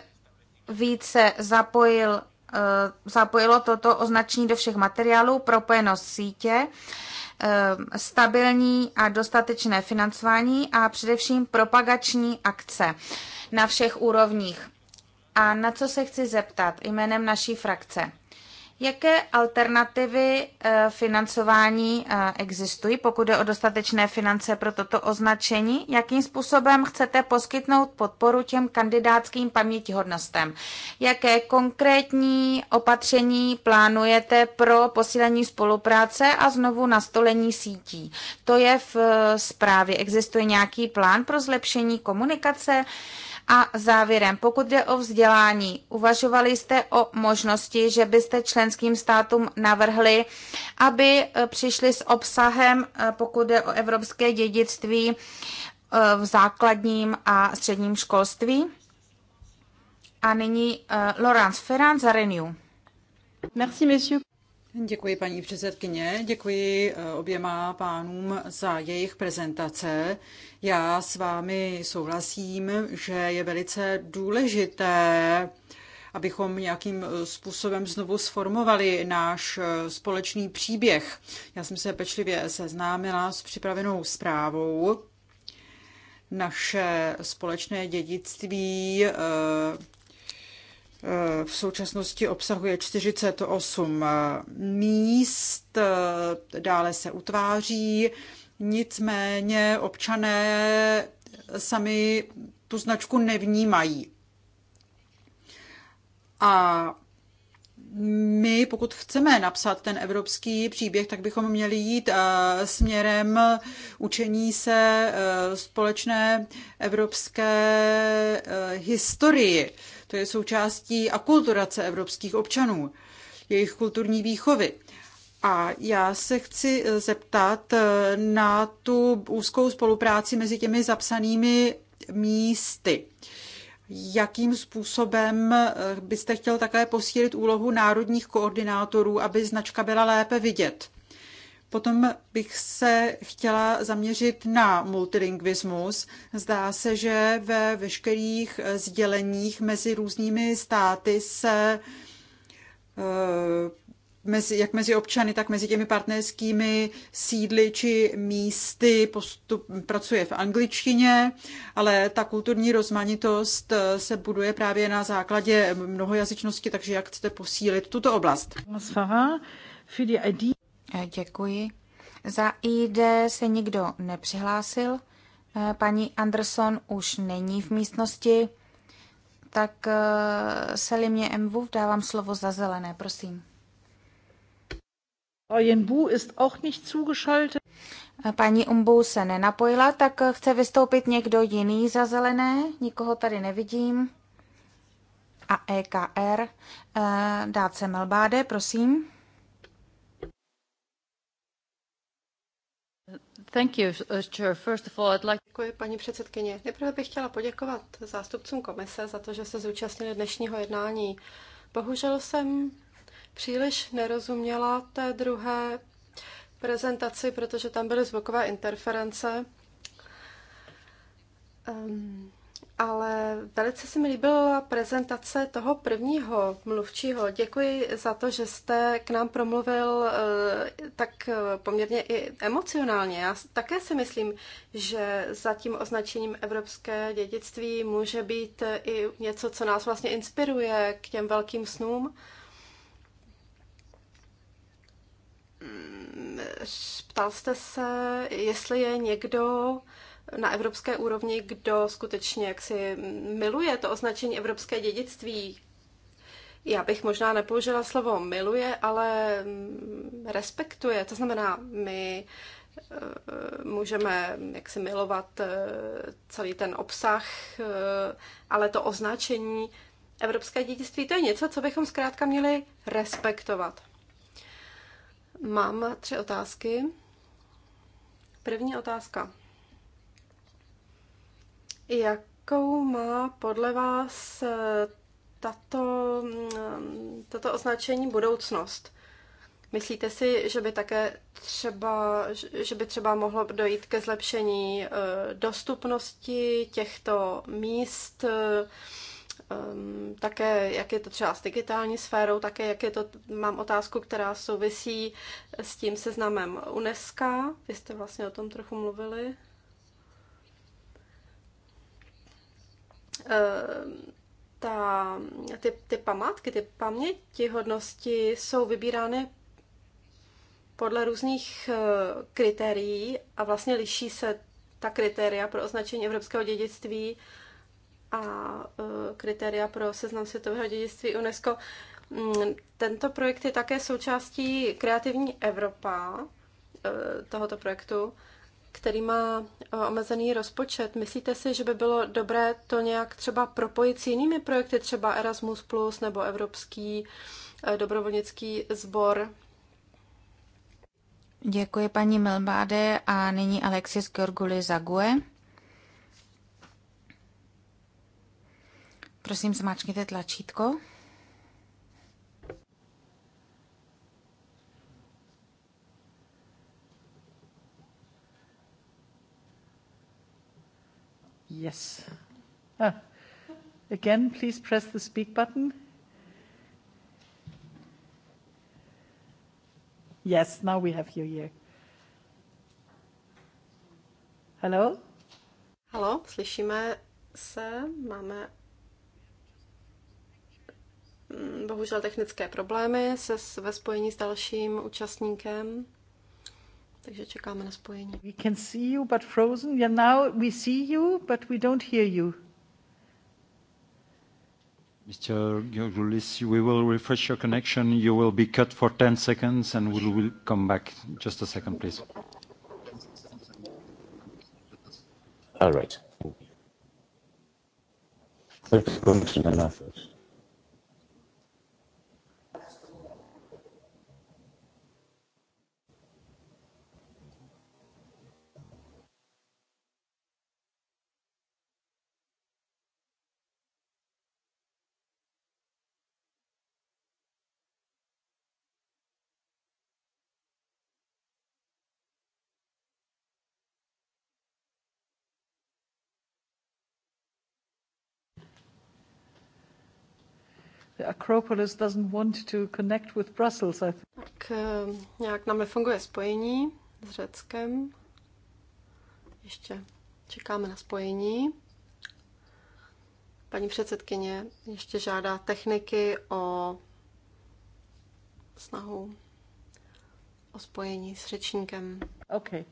více zapojil, eh, zapojilo toto označení do všech materiálů, propojenost sítě, eh, stabilní a dostatečné financování a především propagační akce na všech úrovních. A na co se chci zeptat jménem naší frakce? Jaké alternativy eh, financování eh, existují, pokud je o dostatečné finance pro toto označení? Jakým způsobem chcete poskytnout podporu těm kandidátským pamětihodnostem? Jaké konkrétní opatření plánujete pro posílení spolupráce a znovu nastolení sítí? To je v eh, zprávě. Existuje nějaký plán pro zlepšení komunikace? A závěrem, pokud jde o vzdělání, uvažovali jste o možnosti, že byste členským státům navrhli, aby e, přišli s obsahem, e, pokud jde o evropské dědictví e, v základním a středním školství? A nyní uh, Laurence Ferrand za Renew. Merci, monsieur. Děkuji paní předsedkyně, děkuji eh, oběma pánům za jejich prezentace. Já s vámi souhlasím, že je velice důležité, abychom nějakým eh, způsobem znovu sformovali náš eh, společný příběh. Já jsem se pečlivě seznámila s připravenou zprávou. Naše společné dědictví v současnosti obsahuje 48 eh, míst, eh, dále se utváří. Nicméně občané sami tu značku nevnímají. A my, pokud chceme napsat ten evropský příběh, tak bychom měli jít eh, směrem učení se společné evropské historii to je součástí akulturace evropských občanů, jejich kulturní výchovy. A já se chci zeptat na tu úzkou spolupráci mezi těmi zapsanými místy. Jakým způsobem byste chtěl také posílit úlohu národních koordinátorů, aby značka byla lépe vidět? Potom bych se chtěla zaměřit na multilingvismus. Zdá se, že ve veškerých sděleních mezi různými státy se eh, mezi, jak mezi občany, tak mezi těmi partnerskými sídly či místy postup, pracuje v angličtině, ale ta kulturní rozmanitost eh, se buduje právě na základě mnohojazyčnosti, takže jak chcete posílit tuto oblast? Für die ID. Eh, děkuji. Za ID se nikdo nepřihlásil. Eh, paní Anderson už není v místnosti, tak eh, Selimě MVU, dávám slovo za zelené, prosím. Paní Umbu se nenapojila, tak chce vystoupit někdo jiný za zelené. Nikoho tady nevidím. A EKR. Dáce Melbáde, prosím. Thank you, uh, Chair. First of all, I'd like... Děkuji, paní předsedkyně. Nejprve bych chtěla poděkovat zástupcům komise za to, že se zúčastnili dnešního jednání. Bohužel jsem příliš nerozuměla té druhé prezentaci, protože tam byly zvukové interference. Um, ale velice se mi líbila prezentace toho prvního mluvčího. Děkuji za to, že jste k nám promluvil eh, tak eh, poměrně i emocionálně. Já také si myslím, že za tím označením evropské dědictví může být eh, i něco, co nás vlastně inspiruje k těm velkým snům. Mm, ptal jste se, jestli je někdo, na evropské úrovni, kdo skutečně jaksi miluje to označení evropské dědictví. Já bych možná nepoužila slovo miluje, ale mm, respektuje. To znamená, my eh, můžeme jaksi milovat eh, celý ten obsah, eh, ale to označení evropské dědictví, to je něco, co bychom zkrátka měli respektovat. Mám tři otázky. První otázka. Jakou má podle vás eh, tato, mm, tato označení budoucnost? Myslíte si, že by také třeba, že by třeba mohlo dojít ke zlepšení eh, dostupnosti těchto míst, eh, ehm, také jak je to třeba s digitální sférou, také jak je to, mám otázku, která souvisí s tím seznamem UNESCO. Vy jste vlastně o tom trochu mluvili. Eh, ta, ty, ty památky, ty hodnosti jsou vybírány podle různých eh, kritérií a vlastně liší se ta kritéria pro označení evropského dědictví a eh, kritéria pro seznam světového dědictví UNESCO. Mm, tento projekt je také součástí Kreativní Evropa tohoto projektu který má eh, omezený rozpočet. Myslíte si, že by bylo dobré to nějak třeba propojit s jinými projekty, třeba Erasmus, nebo Evropský eh, dobrovolnický sbor? Děkuji paní Melbáde a nyní Alexis Gorguli Zague. Prosím, zmáčkněte tlačítko. Yes. Ah. Again, please press the speak button. Yes, now we have you here. Hello? Hello, slyšíme se, máme mm, bohužel technické problémy se, ve spojení s dalším účastníkem takže čekáme na spojení. We can see you, but frozen. Yeah, now we see you, but we don't hear you. Mr. Giorgoulis, we will refresh your connection. You will be cut for 10 seconds, and we will come back. Just a second, please. All right. Thank you. Acropolis doesn't want to connect with Brussels. I think. Tak eh, nějak nám nefunguje spojení s Řeckem. Ještě čekáme na spojení. Paní předsedkyně ještě žádá techniky o snahu o spojení s řečníkem. Okay.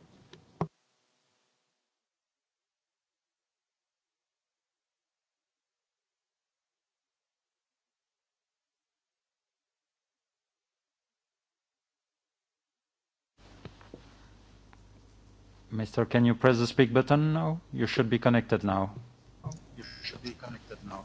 Mister, can you press the speak button now? You should be connected now. You should be connected now.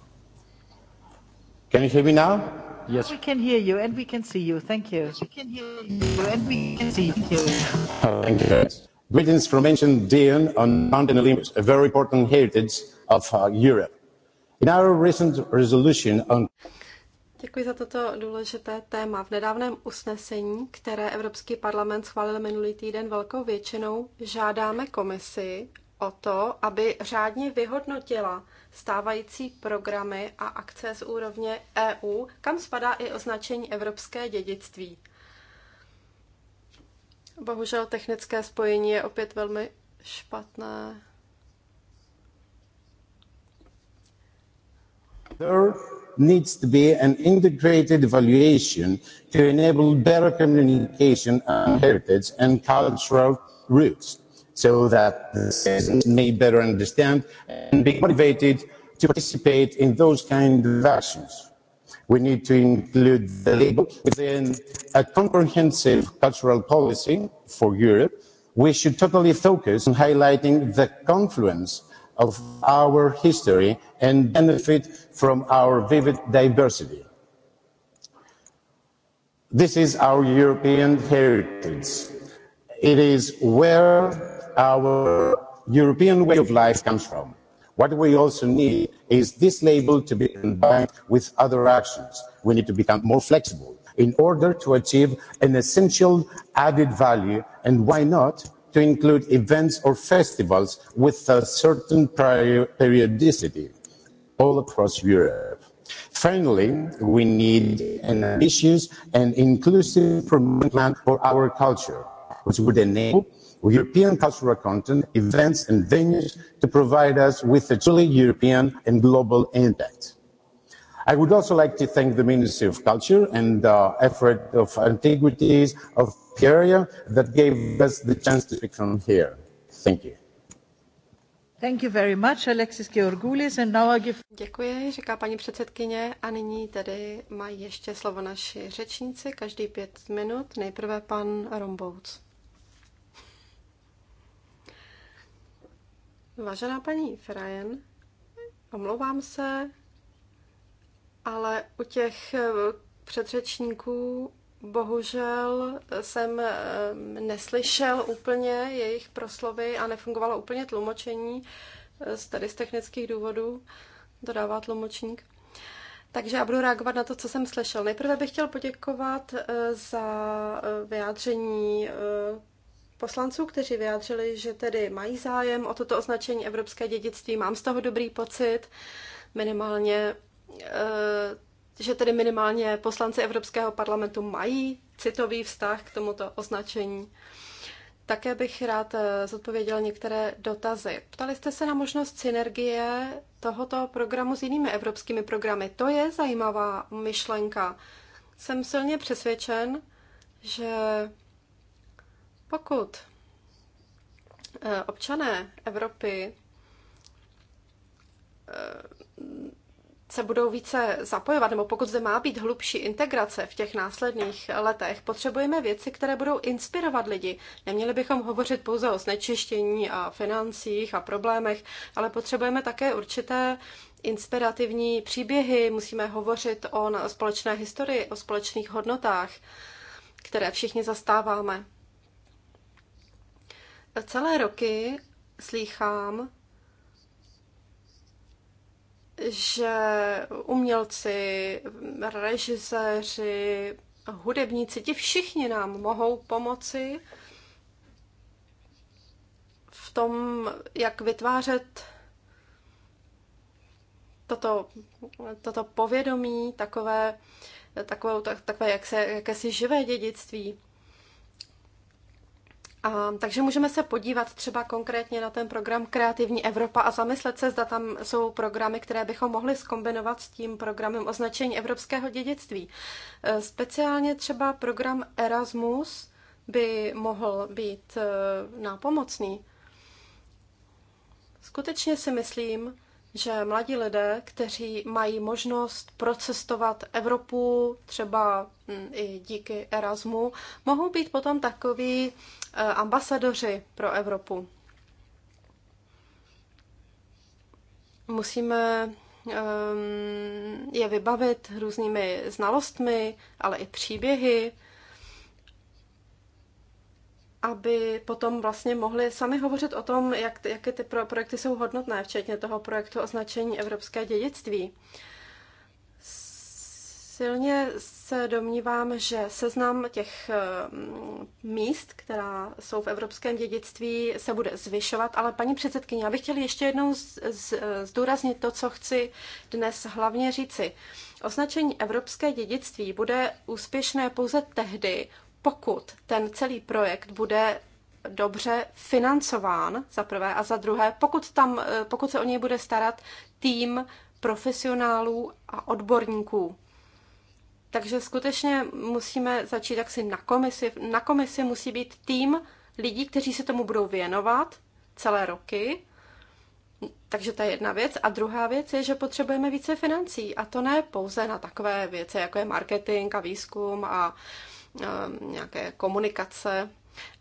Can you hear me now? Yes. We can hear you and we can see you. Thank you. we can hear you and we can see you. Thank you. Oh, Greetings from ancient Dion on Mountain Olympus, a very important heritage of uh, Europe. In our recent resolution on Děkuji za toto důležité téma. V nedávném usnesení, které Evropský parlament schválil minulý týden velkou většinou, žádáme komisi o to, aby řádně vyhodnotila stávající programy a akce z úrovně EU, kam spadá i označení evropské dědictví. Bohužel technické spojení je opět velmi špatné. There needs to be an integrated evaluation to enable better communication on heritage and cultural roots so that the citizens may better understand and be motivated to participate in those kind of actions. We need to include the label within a comprehensive cultural policy for Europe. We should totally focus on highlighting the confluence of our history and benefit from our vivid diversity. This is our European heritage. It is where our European way of life comes from. What we also need is this label to be combined with other actions. We need to become more flexible in order to achieve an essential added value, and why not to include events or festivals with a certain prior periodicity all across Europe. Finally, we need an ambitious and inclusive promotion plan for our culture, which would enable European cultural content, events and venues to provide us with a truly European and global impact. I would also like to thank the Ministry of Culture and the uh, effort of Antiquities of area that gave us the chance to from here. Thank you. Thank you very much, Alexis Georgoulis, and now I give... Děkuji, říká paní předsedkyně. A nyní tedy mají ještě slovo naši řečníci, každý pět minut. Nejprve pan Rombouc. Vážená paní Frajen, omlouvám se, ale u těch eh, předřečníků Bohužel jsem eh, neslyšel úplně jejich proslovy a nefungovalo úplně tlumočení, eh, tady z technických důvodů dodává tlumočník. Takže já budu reagovat na to, co jsem slyšel. Nejprve bych chtěl poděkovat eh, za vyjádření poslanců, kteří vyjádřili, že tedy mají zájem o toto označení evropské dědictví. Mám z toho dobrý pocit, minimálně že tedy minimálně poslanci Evropského parlamentu mají citový vztah k tomuto označení. Také bych rád eh, zodpověděl některé dotazy. Ptali jste se na možnost synergie tohoto programu s jinými evropskými programy. To je zajímavá myšlenka. Jsem silně přesvědčen, že pokud eh, občané Evropy eh, se budou více zapojovat, nebo pokud zde má být hlubší integrace v těch následných letech, potřebujeme věci, které budou inspirovat lidi. Neměli bychom hovořit pouze o znečištění a financích a problémech, ale potřebujeme také určité inspirativní příběhy, musíme hovořit o společné historii, o společných hodnotách, které všichni zastáváme. Celé roky slýchám že umělci, režiséři, hudebníci, ti všichni nám mohou pomoci v tom, jak vytvářet toto, toto povědomí, takové, takové, takové jak se, jakési živé dědictví. A, takže můžeme se podívat třeba konkrétně na ten program Kreativní Evropa a zamyslet se, zda tam jsou programy, které bychom mohli skombinovat s tím programem označení evropského dědictví. E, speciálně třeba program Erasmus by mohl být e, nápomocný. Skutečně si myslím, že mladí lidé, kteří mají možnost procestovat Evropu, třeba hm, i díky Erasmu, mohou být potom takoví eh, ambasadoři pro Evropu. Musíme ehm, je vybavit různými znalostmi, ale i příběhy, aby potom vlastně mohli sami hovořit o tom, jak, jaké ty pro, projekty jsou hodnotné, včetně toho projektu označení Evropské dědictví. Silně se domnívám, že seznam těch eh, míst, která jsou v evropském dědictví, se bude zvyšovat, ale paní předsedkyně, já bych chtěla ještě jednou z, z, zdůraznit to, co chci dnes hlavně říci. Označení evropské dědictví bude úspěšné pouze tehdy, pokud ten celý projekt bude dobře financován, za prvé, a za druhé, pokud, tam, eh, pokud se o něj bude starat tým profesionálů a odborníků. Takže skutečně musíme začít jaksi na komisi. Na komisi musí být tým lidí, kteří se tomu budou věnovat celé roky. Takže to je jedna věc. A druhá věc je, že potřebujeme více financí. A to ne pouze na takové věci, jako je marketing a výzkum a uh, Ehm, nějaké komunikace,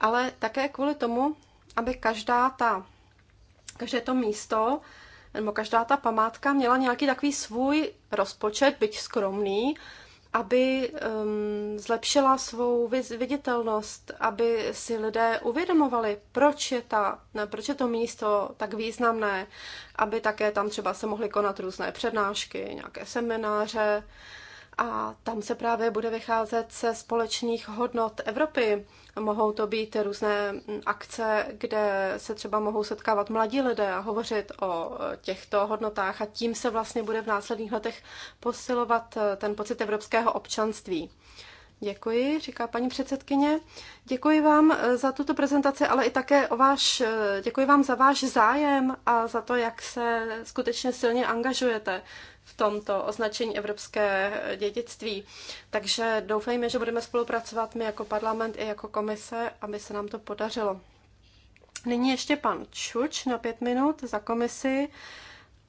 ale také kvůli tomu, aby každá ta, každé to místo nebo každá ta památka měla nějaký takový svůj rozpočet, byť skromný, aby um, zlepšila svou viditelnost, aby si lidé uvědomovali, proč je, ta, ne, proč je to místo tak významné, aby také tam třeba se mohly konat různé přednášky, nějaké semináře, uh, a tam se právě bude vycházet ze společných hodnot Evropy. Mohou to být různé akce, kde se třeba mohou setkávat mladí lidé a hovořit o těchto hodnotách a tím se vlastně bude v následných letech posilovat eh, ten pocit evropského občanství. Děkuji, říká paní předsedkyně. Děkuji vám eh, za tuto prezentaci, ale i také o váš, eh, děkuji vám za váš zájem a za to, jak se skutečně silně angažujete v tomto označení evropské dědictví. Takže doufejme, že budeme spolupracovat my jako parlament i jako komise, aby se nám to podařilo. Nyní ještě pan Čuč na pět minut za komisi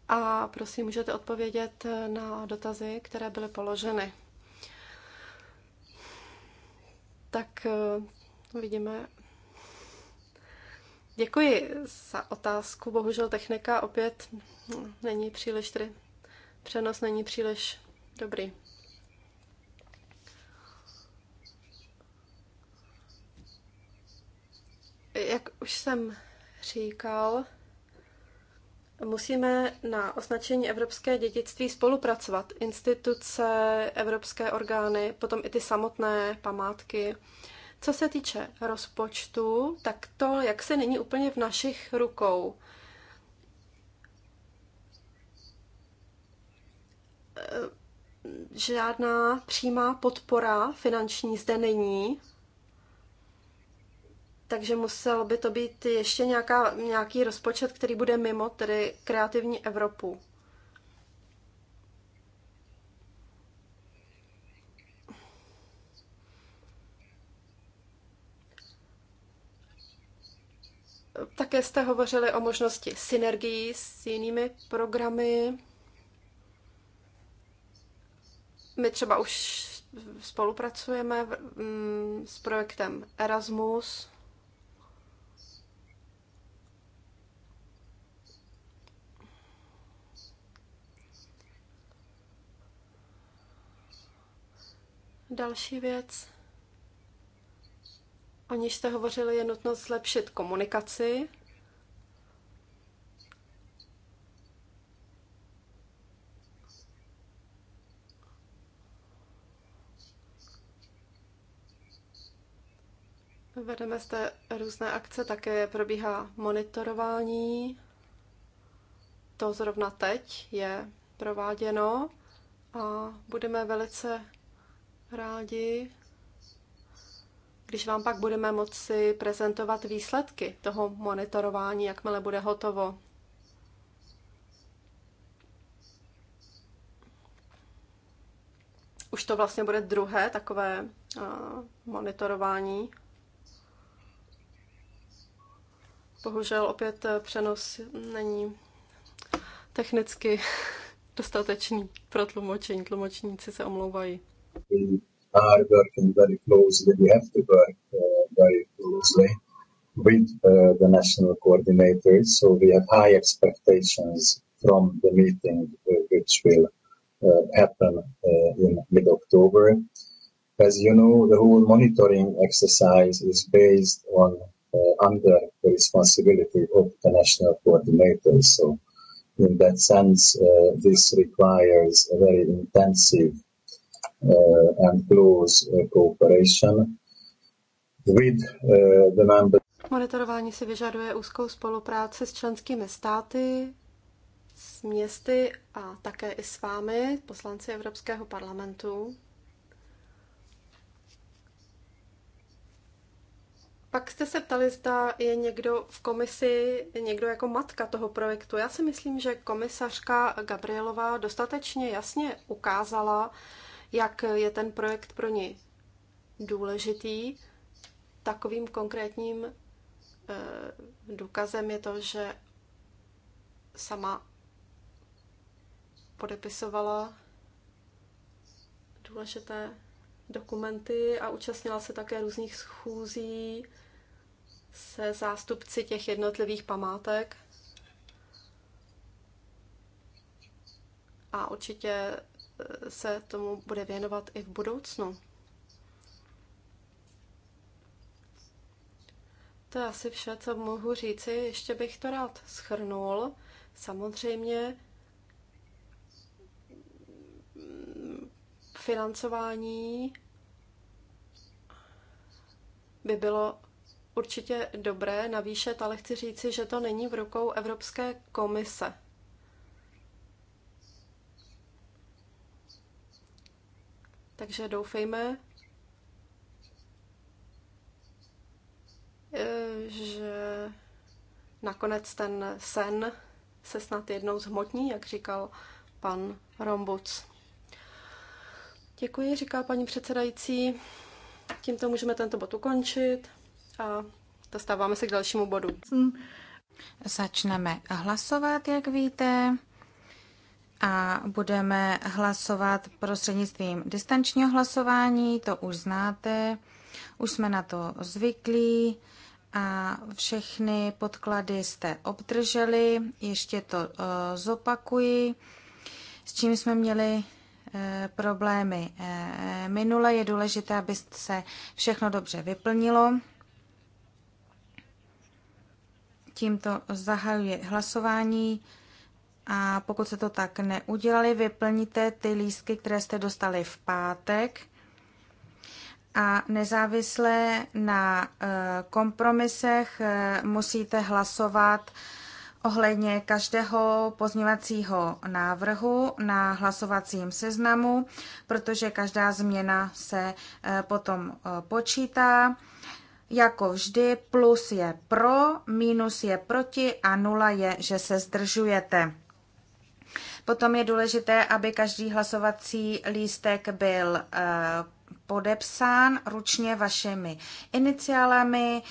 a prosím, můžete odpovědět na dotazy, které byly položeny. Tak eh, vidíme. Děkuji za otázku. Bohužel technika opět hm, není příliš tedy Přenos není příliš dobrý. Jak už jsem říkal, musíme na označení evropské dědictví spolupracovat. Instituce, evropské orgány, potom i ty samotné památky. Co se týče rozpočtu, tak to, jak se není úplně v našich rukou. Eh, žádná přímá podpora finanční zde není, takže musel by to být ještě nějaká, nějaký rozpočet, který bude mimo, tedy kreativní Evropu. Také jste hovořili o možnosti synergií s jinými programy. My třeba už spolupracujeme mm, s projektem Erasmus. Další věc, o níž jste hovořili, je nutnost zlepšit komunikaci Vedeme zde různé akce, také probíhá monitorování. To zrovna teď je prováděno a budeme velice rádi, když vám pak budeme moci prezentovat výsledky toho monitorování, jakmile bude hotovo. Už to vlastně bude druhé takové monitorování Bohužel opět eh, přenos není technicky dostatečný pro tlumočení. Tlumočníci se omlouvají. Are working very closely. We have to work very closely with uh, the national coordinators. So we have high expectations from the meeting uh, which will uh, happen uh, in mid-October. As you know, the whole monitoring exercise is based on uh, under the responsibility of the national coordinators. So in that sense, uh, this requires a very intensive uh, and close uh, cooperation with uh, the members. Monitorování si vyžaduje úzkou spolupráci s členskými státy, s městy a také i s vámi, poslanci Evropského parlamentu. Pak jste se ptali, zda je někdo v komisi, někdo jako matka toho projektu. Já si myslím, že komisařka Gabrielová dostatečně jasně ukázala, jak je ten projekt pro ní důležitý. Takovým konkrétním eh, důkazem je to, že sama podepisovala důležité dokumenty a účastnila se také různých schůzí se zástupci těch jednotlivých památek. A určitě e, se tomu bude věnovat i v budoucnu. To je asi vše, co mohu říci. Ještě bych to rád schrnul. Samozřejmě financování by bylo určitě dobré navýšet, ale chci říci, že to není v rukou Evropské komise. Takže doufejme, eh, že nakonec ten sen se snad jednou zhmotní, jak říkal pan Rombuc. Děkuji, říká paní předsedající. Tímto můžeme tento bod ukončit a dostáváme se k dalšímu bodu. Začneme hlasovat, jak víte, a budeme hlasovat prostřednictvím distančního hlasování, to už znáte, už jsme na to zvyklí a všechny podklady jste obdrželi, ještě to eh, zopakuji, s čím jsme měli Eh, problémy eh, minule. Je důležité, aby se všechno dobře vyplnilo. Tímto zahajuje hlasování a pokud se to tak neudělali, vyplníte ty lístky, které jste dostali v pátek a nezávisle na eh, kompromisech musíte hlasovat ohledně každého pozměvacího návrhu na hlasovacím seznamu, protože každá změna se e, potom e, počítá. Jako vždy, plus je pro, minus je proti a nula je, že se zdržujete. Potom je důležité, aby každý hlasovací lístek byl e, podepsán ručně vašimi iniciálami.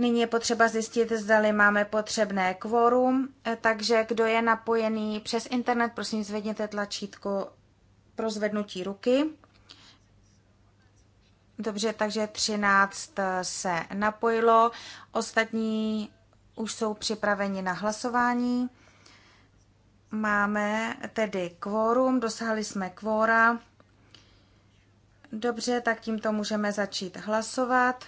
Nyní je potřeba zjistit, zdali máme potřebné kvórum, eh, takže kdo je napojený přes internet, prosím zvedněte tlačítko pro zvednutí ruky. Dobře, takže 13 eh, se napojilo, ostatní už jsou připraveni na hlasování. Máme tedy kvórum, dosáhli jsme kvóra. Dobře, tak tímto můžeme začít hlasovat.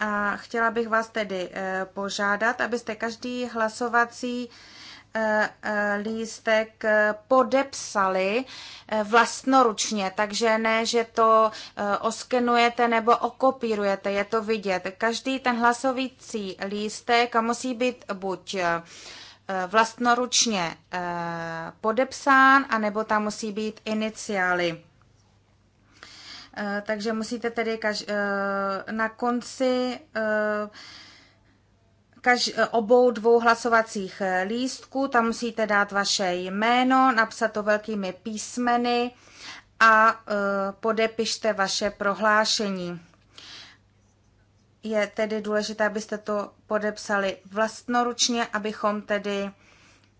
A chtěla bych vás tedy eh, požádat, abyste každý hlasovací eh, eh, lístek podepsali vlastnoručně, takže ne, že to oskenujete nebo okopírujete, je to vidět. Každý ten hlasovací lístek musí být buď vlastnoručně podepsán, anebo tam musí být iniciály. Eh, takže musíte tedy kaž, eh, na konci eh, kaž, obou dvou hlasovacích lístků, tam musíte dát vaše jméno, napsat to velkými písmeny a podepište vaše prohlášení. Je tedy důležité, abyste to podepsali vlastnoručně, abychom tedy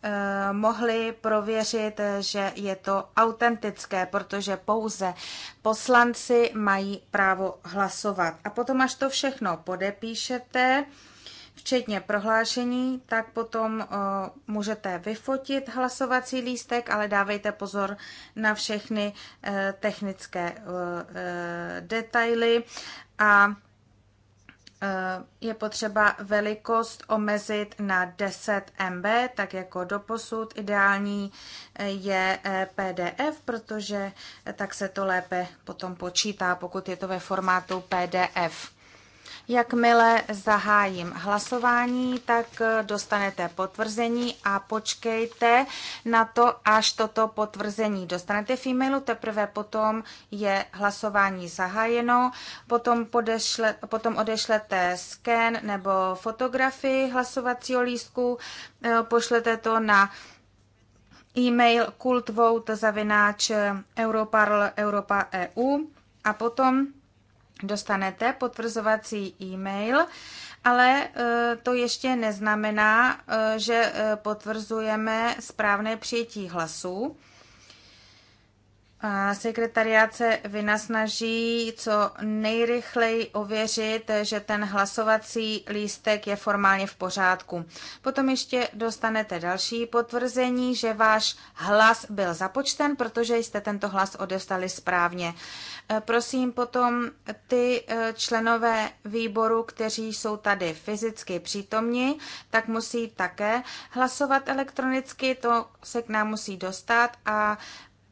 Eh, mohli prověřit, že je to autentické, protože pouze poslanci mají právo hlasovat. A potom, až to všechno podepíšete, včetně prohlášení, tak potom uh, můžete vyfotit hlasovací lístek, ale dávejte pozor na všechny uh, technické uh, detaily a Eh, je potřeba velikost omezit na 10 MB, tak jako doposud ideální eh, je eh, PDF, protože tak se to lépe potom počítá, pokud je to ve formátu PDF. Jakmile zahájím hlasování, tak eh, dostanete potvrzení a počkejte na to, až toto potvrzení dostanete v e-mailu. Teprve potom je hlasování zahájeno, potom, podešle, potom odešlete sken nebo fotografii hlasovacího lístku, eh, pošlete to na e-mail kultvote.europarl.europa.eu eh, a potom dostanete potvrzovací e-mail, ale e, to ještě neznamená, e, že e, potvrzujeme správné přijetí hlasů sekretariát se vynasnaží co nejrychleji ověřit, že ten hlasovací lístek je formálně v pořádku. Potom ještě dostanete další potvrzení, že váš hlas byl započten, protože jste tento hlas odevstali správně. E, prosím potom ty e, členové výboru, kteří jsou tady fyzicky přítomni, tak musí také hlasovat elektronicky, to se k nám musí dostat a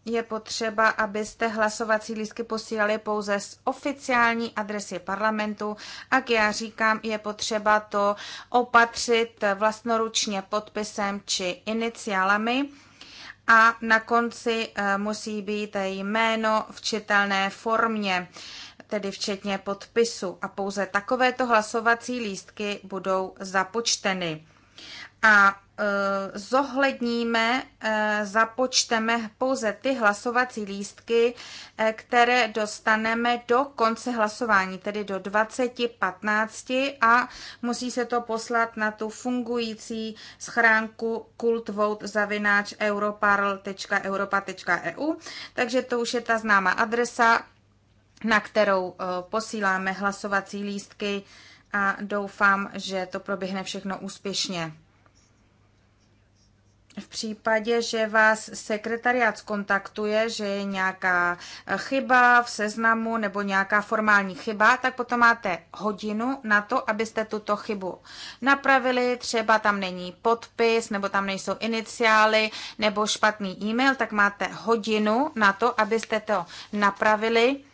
je potřeba, abyste hlasovací lístky posílali pouze z oficiální adresy parlamentu. A já říkám, je potřeba to opatřit vlastnoručně podpisem či iniciálami. A na konci eh, musí být jméno v čitelné formě, tedy včetně podpisu. A pouze takovéto hlasovací lístky budou započteny a e, zohledníme, e, započteme pouze ty hlasovací lístky, e, které dostaneme do konce hlasování, tedy do 20.15 a musí se to poslat na tu fungující schránku kultvote.europarl.europa.eu. Takže to už je ta známá adresa, na kterou posíláme hlasovací lístky a doufám, že to proběhne všechno úspěšně v případě, že vás sekretariát skontaktuje, že je nějaká eh, chyba v seznamu nebo nějaká formální chyba, tak potom máte hodinu na to, abyste tuto chybu napravili. Třeba tam není podpis, nebo tam nejsou iniciály, nebo špatný e-mail, tak máte hodinu na to, abyste to napravili.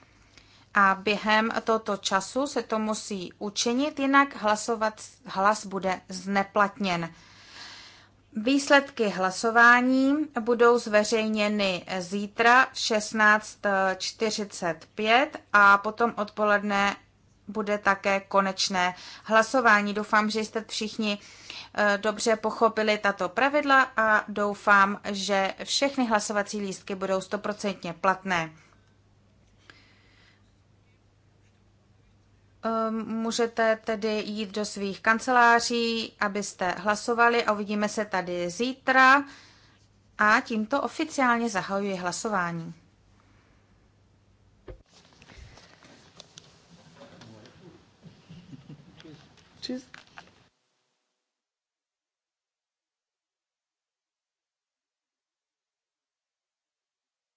A během tohoto času se to musí učinit, jinak hlasovat, hlas bude zneplatněn. Výsledky hlasování budou zveřejněny zítra v 16.45 a potom odpoledne bude také konečné hlasování. Doufám, že jste všichni eh, dobře pochopili tato pravidla a doufám, že všechny hlasovací lístky budou stoprocentně platné. Ehm, můžete tedy jít do svých kanceláří, abyste hlasovali a uvidíme se tady zítra. A tímto oficiálně zahajuji hlasování.